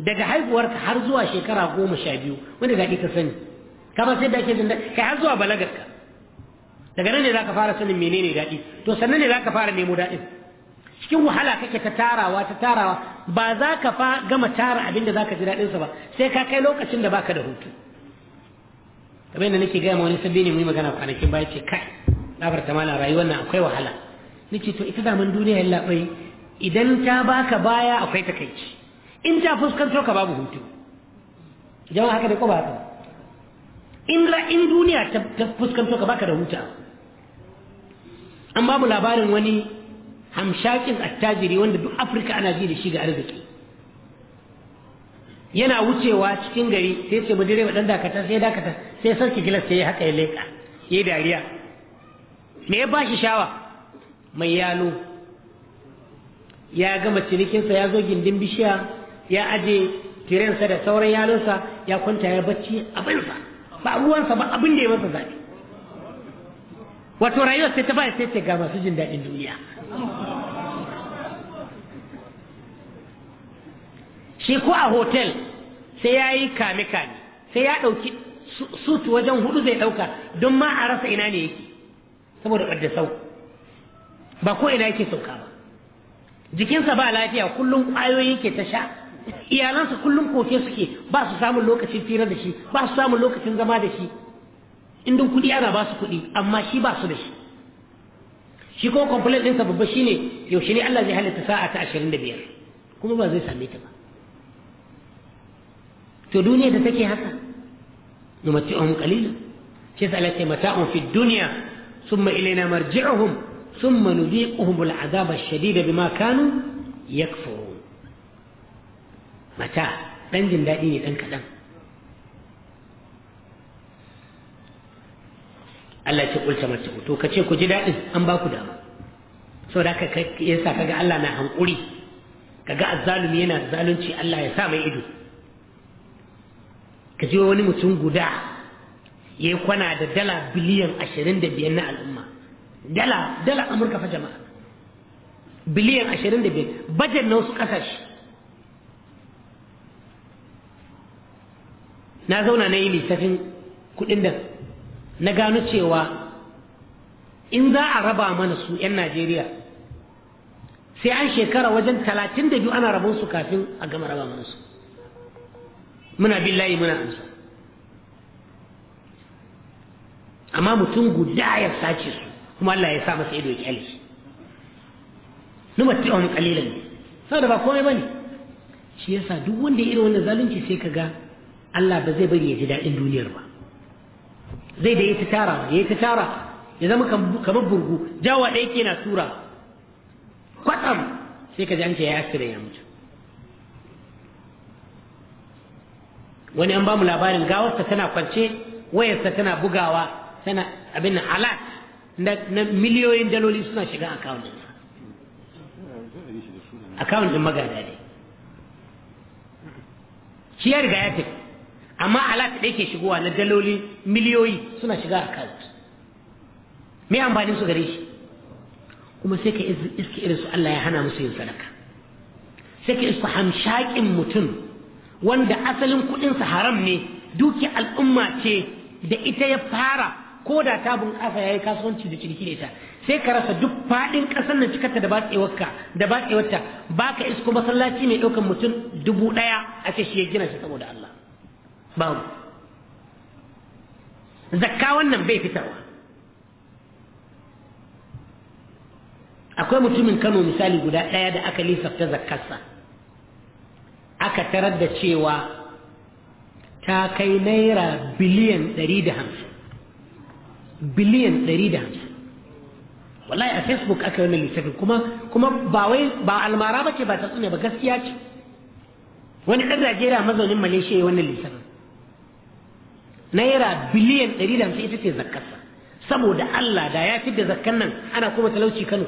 daga haihuwarka har zuwa shekara goma sha biyu wanda ga ka sani kamar sai da ake zunda kai har zuwa ka daga nan ne za ka fara sanin menene daɗi to sannan ne za ka fara nemo daɗin cikin wahala kake ta tarawa ta tarawa ba za ka fa gama tara abin da za ka ji daɗinsa ba sai ka kai lokacin da baka da hutu kamar yadda nake gaya ma wani sabbi ne mu yi magana kwanakin baya ce kai na farta mana rayuwar nan akwai wahala ce to ita daman duniya ya labai idan ta baka baya akwai takaici in ta fuskanto ka babu hutu jama'a haka da ko ba haka in in duniya ta fuskanto ka baka da huta an babu labarin wani hamshakin attajiri wanda duk afirka ana ji da shi ga arziki yana wucewa cikin gari sai ce mu direba dan dakata sai dakata sai sarki gilas sai haka ya leka ya dariya me ya bashi shawa mai yalo ya gama cinikinsa ya zo gindin bishiya ya aje tirensa da sauran yalonsa ya kwanta ya bacci abinsa ba ruwansa ba abin da ya masa zaɓi wato rayuwar sai ta ba sai ce ga masu jin daɗin duniya shi ko a hotel sai ya yi kame-kame sai ya ɗauki sut wajen hudu zai ɗauka don ma a rasa ina ne yake saboda ɓadda sau ba ko ina yake sauka ba jikinsa ba lafiya kullum ƙwayoyi ke ta sha iyalansa kullum koke suke ba su samun lokacin fira da shi ba su samun lokacin zama da shi indin kuɗi ana ba su kuɗi amma shi ba su da shi shi kuma complaint ɗinsa babba ne yaushe ne Allah zai halitta sa'a ta ashirin da biyar kuma ba zai same ta ba to duniya da take haka numatti'uhum qalilan shi sai Allah ce mata'un fi dunya thumma ilayna marji'uhum thumma nuziquhum al'azaba ash-shadida bima kanu yakfurun mata ɗan jin daɗi ne ɗan kaɗan Allah ce kulta mace to ka ce ku ji daɗin an ba ku dama saboda ka yasa kaga Allah na hankuri kaga azzalumi yana zalunci Allah ya sa mai ido ka ji wani mutum guda ya yi kwana da dala biliyan ashirin da biyar na al'umma dala dala amurka fa jama'a biliyan ashirin da biyar bajet na wasu ƙasashe na zauna na yi lissafin kuɗin da na gano cewa in za a raba mana su 'yan najeriya sai an shekara wajen talatin da biyu ana rabon su kafin a gama raba mana su muna billahi muna amsa amma mutum guda ya sace su kuma Allah ya sa masa ido ya kyale shi numar yawan kalilan ne saboda ba komai ne shi yasa duk wanda ya irin wannan zalunci sai ka ga Allah ba zai bari ya ji daɗin duniyar ba zai da ya ta tara ya yi tara ya zama kamar burgu jawa ɗaya ke na tura kwatsam sai ka ji an ce ya yi ya mutu wani an ba mu labarin gawarsa tana kwance wayarsa tana bugawa tana abin nan alat na miliyoyin daloli suna shiga akawun a akawun ɗin magada ne shi ya riga ya tafi amma alat da yake shigowa na daloli miliyoyi suna shiga account me amfanin su gare shi kuma sai ka iske irin su Allah ya hana musu yin sadaka sai ka iske hamshakin mutum wanda asalin kuɗinsa haram ne duki al'umma ce da ita ya fara ko da ta bunƙasa ya yi kasuwanci da ciniki da ita sai ka rasa duk faɗin ƙasar nan cikarta da batsewarka da batsewarta ba isko masallaci mai ɗaukar mutum dubu ɗaya a ce shi ya gina shi saboda Allah babu zakka wannan bai fitarwa akwai mutumin kano misali guda ɗaya da aka lissafta zakkarsa aka tarar da cewa ta kai naira biliyan 150 biliyan 150 wallahi a facebook aka yi wannan lissafin kuma kuma ba wai ba almara ba ce ba ta tsune ba gaskiya ce wani ɗan najeriya mazaunin malaysia ya wannan lissafin naira biliyan hamsin ita ce zakkarsa saboda Allah da ya fidda zakar nan ana kuma talauci Kano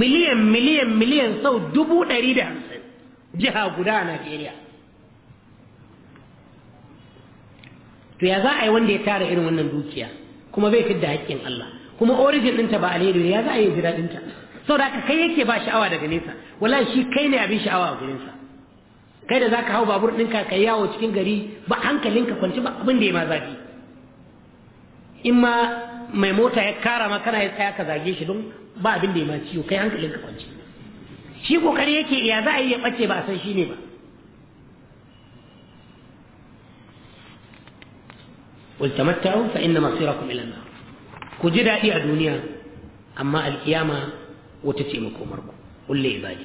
miliyan miliyan miliyan sau dubu ɗari da hamsin jiha guda a Najeriya to ya za a yi wanda ya tara irin wannan dukiya kuma bai fidda haƙƙin Allah kuma origin ɗinta ba alheri ya za a yi jira Sau da haka kai yake ba sha'awa daga nesa wala shi kai ne abin sha'awa a gurinsa kai da za ka hau babur ɗinka ka yawo cikin gari ba hankalinka kwanci ba abin da ya ma zafi in ma mai mota ya kara ma kana ya tsaya ka zage shi don ba abin da ya ma ciwo kai hankalinka kwanci shi kokari yake ya za a yi ya ɓace ba a san shi ne ba قل تمتعوا فإن مصيركم إلى النار كجدا إيه دنيا wata ce وتتئمكم مركم قل ibadi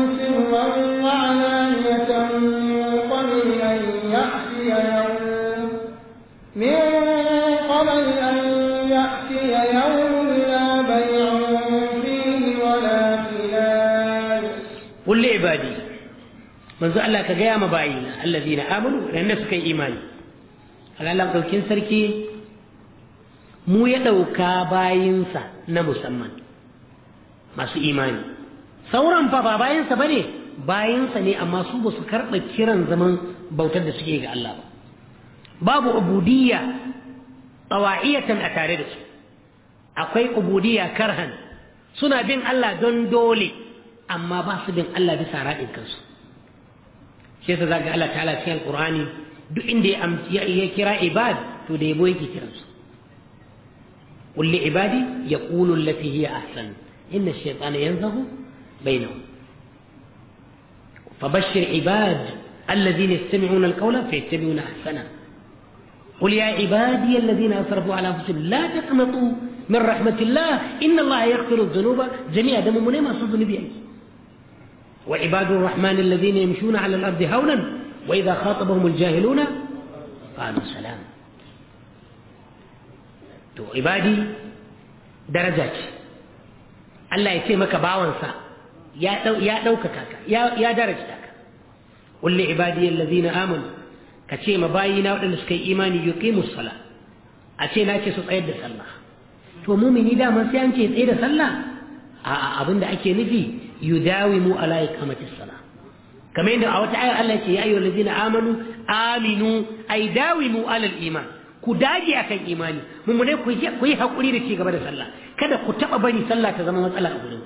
manzo Allah ka gaya ma bayina allazina amanu dan da suka yi imani Allah daukin sarki mu ya dauka bayinsa na musamman masu imani sauran fa ba bayinsa bane bayinsa ne amma su ba su karɓa kiran zaman bautar da suke ga Allah ba babu ubudiyya tsawa'iyatan a tare da su akwai ubudiyya karhan suna bin Allah don dole amma ba su bin Allah bisa raɗin kansu shi yasa zaga Allah ta'ala cikin alqur'ani duk inda ya amci ya kira ibad to da yabo yake kiran su qul li ibadi yaqulu allati hiya ahsan inna ash-shaytana yanzahu bainahum fabashshir ibad الذين يستمعون القول فيتبعون احسنه قل يا عبادي الذين اسرفوا على انفسهم لا تقنطوا من رحمه الله ان الله يغفر الذنوب جميعا دم من ما صدق نبي وعباد الرحمن الذين يمشون على الأرض هونا وإذا خاطبهم الجاهلون قالوا سلام تو عبادي درجات الله يتمك باونسا يا دو يا دوكك يا يا درجتك قل لعبادي الذين امنوا كتي ما باينا ودن سكي ايماني يقيم الصلاه اتي ناكي سو تصيد الصلاه تو مؤمني دا من سي انكي تصيد الصلاه ا ابين دا اكي نفي yudawimu ala iqamati salah kamar yadda a wata ayar Allah ce ya ayyuhal ladina amanu aminu ay dawimu ala iman ku dage akan imani mun dai ku hakuri da ci gaba da sallah kada ku taba bari sallah ta zama matsala a gurin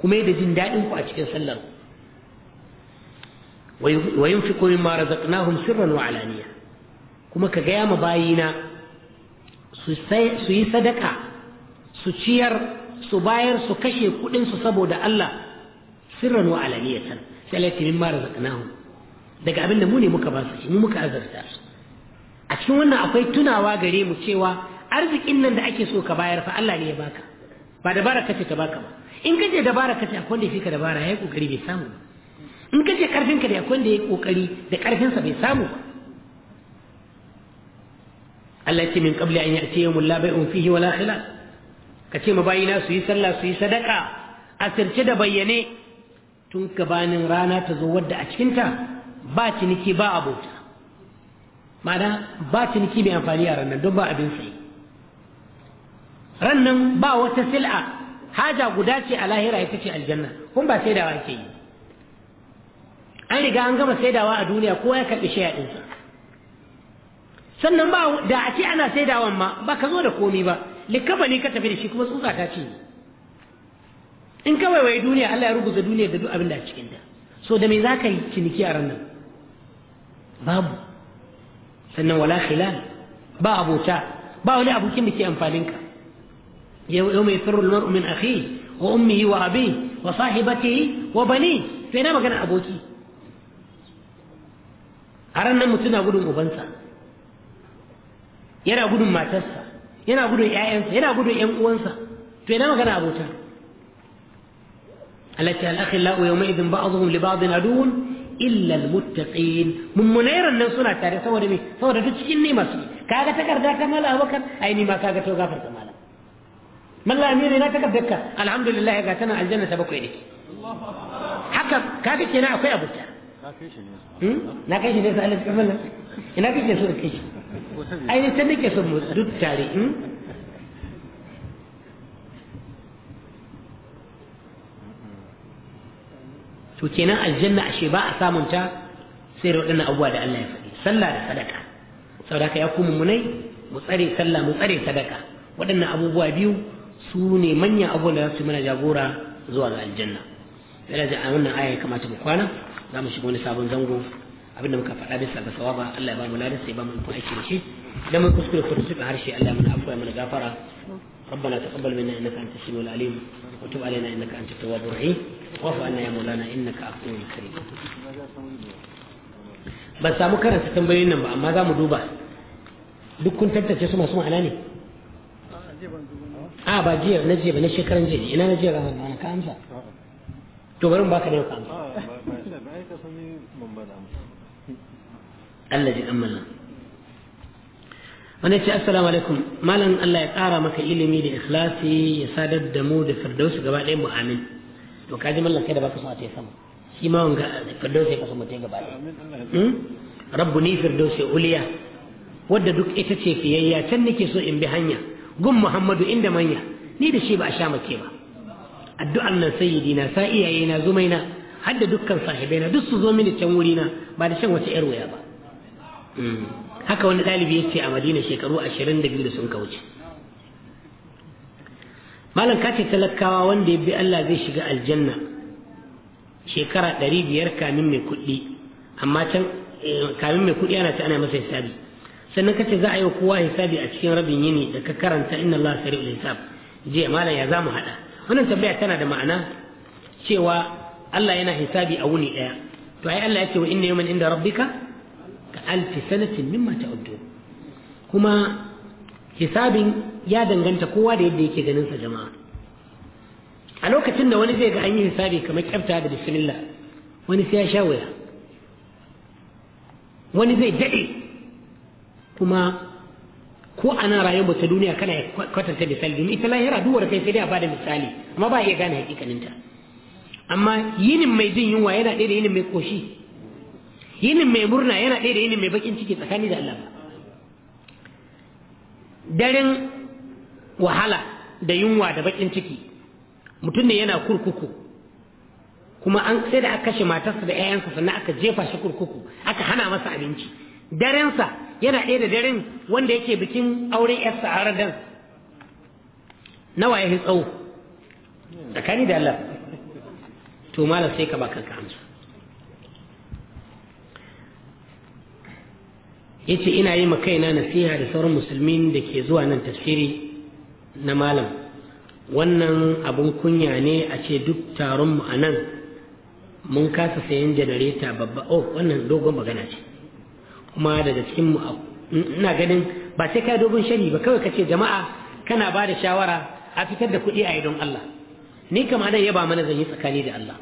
kuma yadda jin dadin ku a cikin sallar wa yunfiqu mimma razaqnahum sirran wa kuma ka gaya ma bayina su yi sadaka su ciyar su bayar su kashe kuɗin su saboda Allah sirran wa alaniyatan sai Allah ya ce daga abinda mu ne muka ba su shi mu muka azarta su a cikin wannan akwai tunawa gare mu cewa arzikin nan da ake so ka bayar fa Allah ne ya baka ba dabara kace ta baka ba in ka da dabara kace akwai wanda ya da dabara yayi kokari bai samu ba in je karfin ka da akwai wanda yayi kokari da karfin sa bai samu ba Allah ya ce min qabli an ya'ti la bay'un fihi wala khilal ka ce mabayina su yi sallah su yi sadaka a asirce da bayyane tun gabanin rana ta zo wadda a cikinta ba ciniki ba abota ma'ana ba ciniki mai amfani a ranar don ba abin sai rannan ba wata sil'a haja guda ce a lahira ita ce aljanna kun ba saidawa ke yi an riga an gama saidawa a duniya kowa ya karɓi shaya ɗinsa sannan ba da a ce ana saidawan ma ba ka zo da komi ba ne ka tafi da shi kuma tsutsa ta ce in kawai wai duniya Allah ya rubuta duniya da duk abin da a cikin ta so da me za ka yi ciniki a ranar babu sannan wala khilal ba abota ba wani abokin da ke amfanin ka yau mai firul mar'u min akhi wa ummihi wa abi wa sahibati wa bani sai na magana aboki a ranar mutum na gudun ubansa yana gudun matarsa yana gudun ƴaƴansa yana gudun ƴan uwansa to yana magana abota alati al-akhillau yawma idhin ba'dhum li ba'dhin aduwwun illa al-muttaqin mummunairan nan suna tare saboda me saboda duk cikin nima su kaga takarda ta mala abakar ai ni ma kaga to gafar ta mala malla amiri na takardarka alhamdulillah ga tana aljanna ta bakwai ne haka kaga kenan akwai abuta hmm? na kai shi ne na kai shi ne sai Allah ya ina kake so kai shi ai ta nake son duk tare in hmm? to kenan aljanna ashe ba a samun ta sai da waɗannan abubuwa da Allah ya faɗi sallah da sadaka da haka ya ku mummunai mu tsare sallah mu tsare sadaka waɗannan abubuwa biyu su ne manyan abubuwan da za su mana jagora zuwa ga aljanna yana da a wannan aya ya kamata mu kwana za mu shiga wani sabon zango abinda muka faɗa bisa ga sawaba Allah ya ba mu ladan sai ba mu ku aiki da shi idan mun kuskure ko tuka harshe Allah mun afwa mun gafara ربنا تقبل منا انك انت السميع العليم وتب علينا انك انت التواب الرحيم واعف عنا يا مولانا انك عفو كريم ban samu karanta tambayoyin nan ba amma za mu duba duk kun tantance su masu ma'ana ne a ba jiya na jiya ba na shekaran jiya ina na jiya ranar ka amsa to bari mu baka ne ka amsa Allah ji dan mallan wani ce assalamu alaikum malam Allah ya ƙara maka ilimi da ikhlasi ya sadar da mu da firdausu gaba ɗayan mu amin to ka ji mallan kai da baka so a ce sama shi ma wanga firdausi ya so mu ce gaba ɗaya hmm? rabbu ni firdausi uliya wadda duk ita ce fiyayya can nake so in bi hanya gun muhammadu inda manya ni da shi ba a sha make ba addu'an nan sayyidina sa iyayena zumaina hadda dukkan sahibaina duk su zo mini can wurina ba da shan wata yar waya ba haka wani ɗalibi ya ce a madina shekaru ashirin da biyu da sun kauce malam kace talakawa wanda ya bi allah zai shiga aljanna shekara ɗari biyar kamin mai kuɗi amma can eh, kamin mai kuɗi ana ta ana masa hisabi sannan kace za a yi wa kowa hisabi a cikin rabin yini da ka karanta inna allah sari'ul hisab je malam ya za mu haɗa wannan tambaya tana da ma'ana cewa allah yana hisabi a wuni ɗaya to ai allah ya ce wa inna yawman inda rabbika ka alfi sanatin mimma ta'uddu kuma hisabin ya danganta kowa da yadda yake ganin sa jama'a a lokacin da wani zai ga an yi hisabi kamar kyafta da bismillah wani sai ya sha wani zai daɗe kuma ko a ana rayuwar ta duniya kana ya kwatanta misali domin ita lahira duwar kai sai dai a bada misali amma ba iya gane hakikaninta amma yinin mai jin yunwa yana ɗaya da yinin mai koshi yinin mai murna yana ɗaya da yinin mai bakin ciki tsakani da Allah daren wahala da yunwa da bakin ciki mutum ne yana kurkuku kuma an sai da aka kashe matarsa da ƴaƴansa sannan aka jefa shi kurkuku aka hana masa abinci darensa yana ɗaya da daren wanda yake bikin auren ƴarsa a dan nawa ya tsawo tsakani da Allah to malam sai ka ba kanka amsa yace ina yi kaina nasiha da sauran musulmin da ke zuwa nan tafsiri na malam wannan abin kunya ne a ce duk taron mu a nan mun kasa sayan janareta babba oh wannan dogon magana ce kuma daga cikin mu ina ganin ba sai ka dogon shari ba kawai ka ce jama'a kana ba da shawara a fitar da kuɗi a yi Allah ni kama nan yaba mana zan yi tsakani da Allah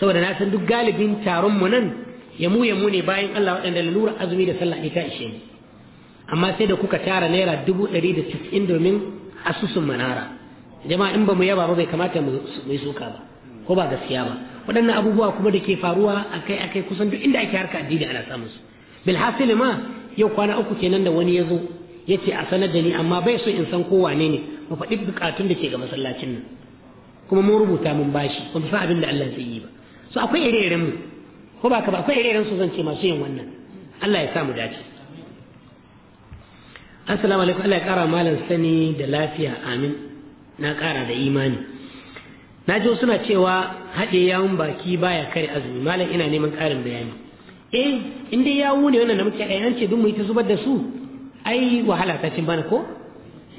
saboda na san duk galibin taron mu nan yamu yamu ne bayan Allah waɗanda lura azumi da sallah ne ta ishe mu. amma sai da kuka tara naira dubu ɗari da cikin domin asusun manara jama'a in ba mu yaba ba bai kamata mu yi suka ba ko ba gaskiya ba waɗannan abubuwa kuma da ke faruwa a kai-a kai kusan duk inda ake harka addini ana samun su bilhassili ma yau kwana uku kenan da wani ya zo ya ce a sanar da ni amma bai so in san ko wane ne mu faɗi bukatun da ke ga masallacin nan kuma mun rubuta mun bashi ba mu san abin da Allah zai yi ba so akwai ire-iren mu ko ba ka ba akwai irin su zance masu yin wannan Allah ya samu dace assalamu alaikum Allah ya kara malam sani da lafiya amin na kara da imani na ji suna cewa haɗe yawun baki baya kare azumi malam ina neman ƙarin bayani eh in dai yawu ne wannan da muke ɗaya ce duk mu yi ta zubar da su ai wahala ta cin bana ko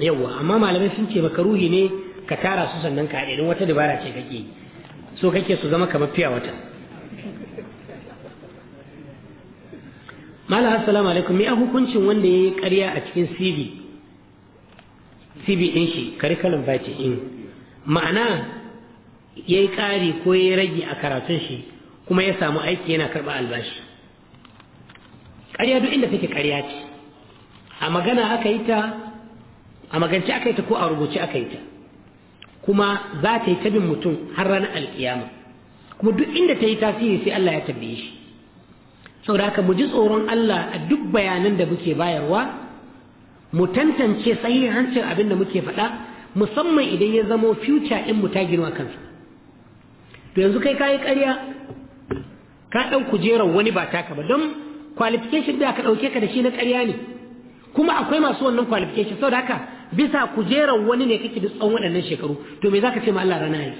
yawwa amma malamai sun ce maka ruhi ne ka tara su sannan ka haɗe don wata dabara ce kake so kake su zama kamar fiya wata malam assalamu alaikum me hukuncin wanda ya yi karya a cikin cv cv ɗin shi curriculum vitae in ma'ana ya yi ƙari ko ya yi rage a karatun shi kuma ya samu aiki yana karɓar albashi ƙarya duk inda take ƙarya ce a magana aka yi ta a magance aka yi ta ko a rubuce aka yi ta kuma za ta yi ta bin mutum har ranar alƙiyama kuma duk inda ta yi tasiri sai Allah ya tabbe shi saboda haka mu ji tsoron Allah a duk bayanan da muke bayarwa mu tantance sahihancin abin da muke faɗa musamman idan ya zamo future in mu ta girma kansa to yanzu kai kayi ƙarya ka ɗau kujerar wani ba taka ba don qualification da aka ɗauke ka da shi na ƙarya ne kuma akwai masu wannan qualification saboda haka bisa kujerar wani ne kake da tsawon waɗannan shekaru to me za ka ce ma Allah ranar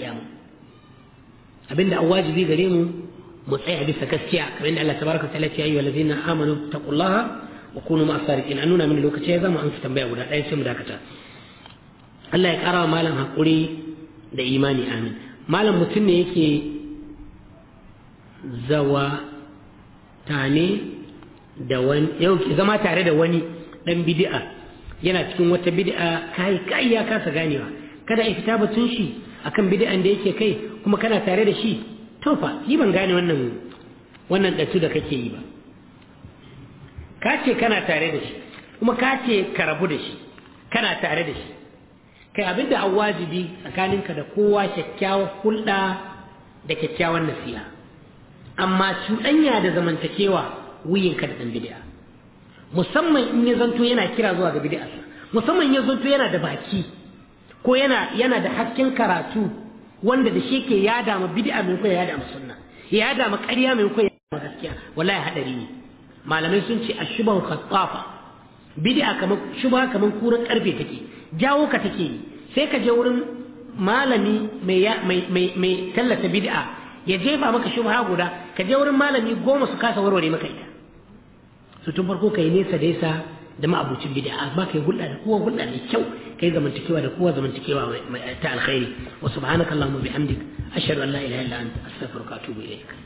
Abin abinda an wajibi gare mu mu tsaya bisa gaskiya kamar yadda Allah tabaraka ta'ala ya yi walazina amanu taqullaha wa kunu ma sariqin an nuna mini lokaci ya zama an fi tambaya guda ɗaya sai mu dakata Allah ya wa malam hakuri da imani amin malam mutum ne yake zawa tane da wani yau zama tare da wani ɗan bid'a yana cikin wata bid'a kai kai ya kasa ganewa kada ya fita batun shi akan bid'an da yake kai kuma kana tare da shi to fa yi ban gane wannan wannan da kake yi ba ka ce kana tare da shi kuma ka ce ka rabu da shi kana tare da shi kai abin da wajibi tsakaninka da kowa kyakkyawar hulɗa da kyakkyawar nasiha amma cuɗanya da zamantakewa wuyinka da ɗan bid'a musamman in ya zanto yana kira zuwa ga bid'a musamman ya zanto yana da baki ko yana yana da hakkin karatu wanda da shi ke yada ma bid'a mai kuwa yada ma sunna ya yada ma ƙarya mai kuwa yada ma gaskiya wallahi hadari ne malamai sun ce a ashbahu khattafa bid'a kamar shuba kamar kurar karfe take jawo ka take yi sai ka je wurin malami mai tallata bid'a ya jefa maka shubha guda ka je wurin malami goma su kasa warware maka ita su tun farko kai nesa da yasa da ma'abucin bid'a ba kai hulɗa da kowa hulɗa mai kyau kai zamantakewa da kowa zamantakewa ta alkhairi wa subhanaka allahumma bihamdik ashhadu an la ilaha illa anta astaghfiruka wa atubu ilaik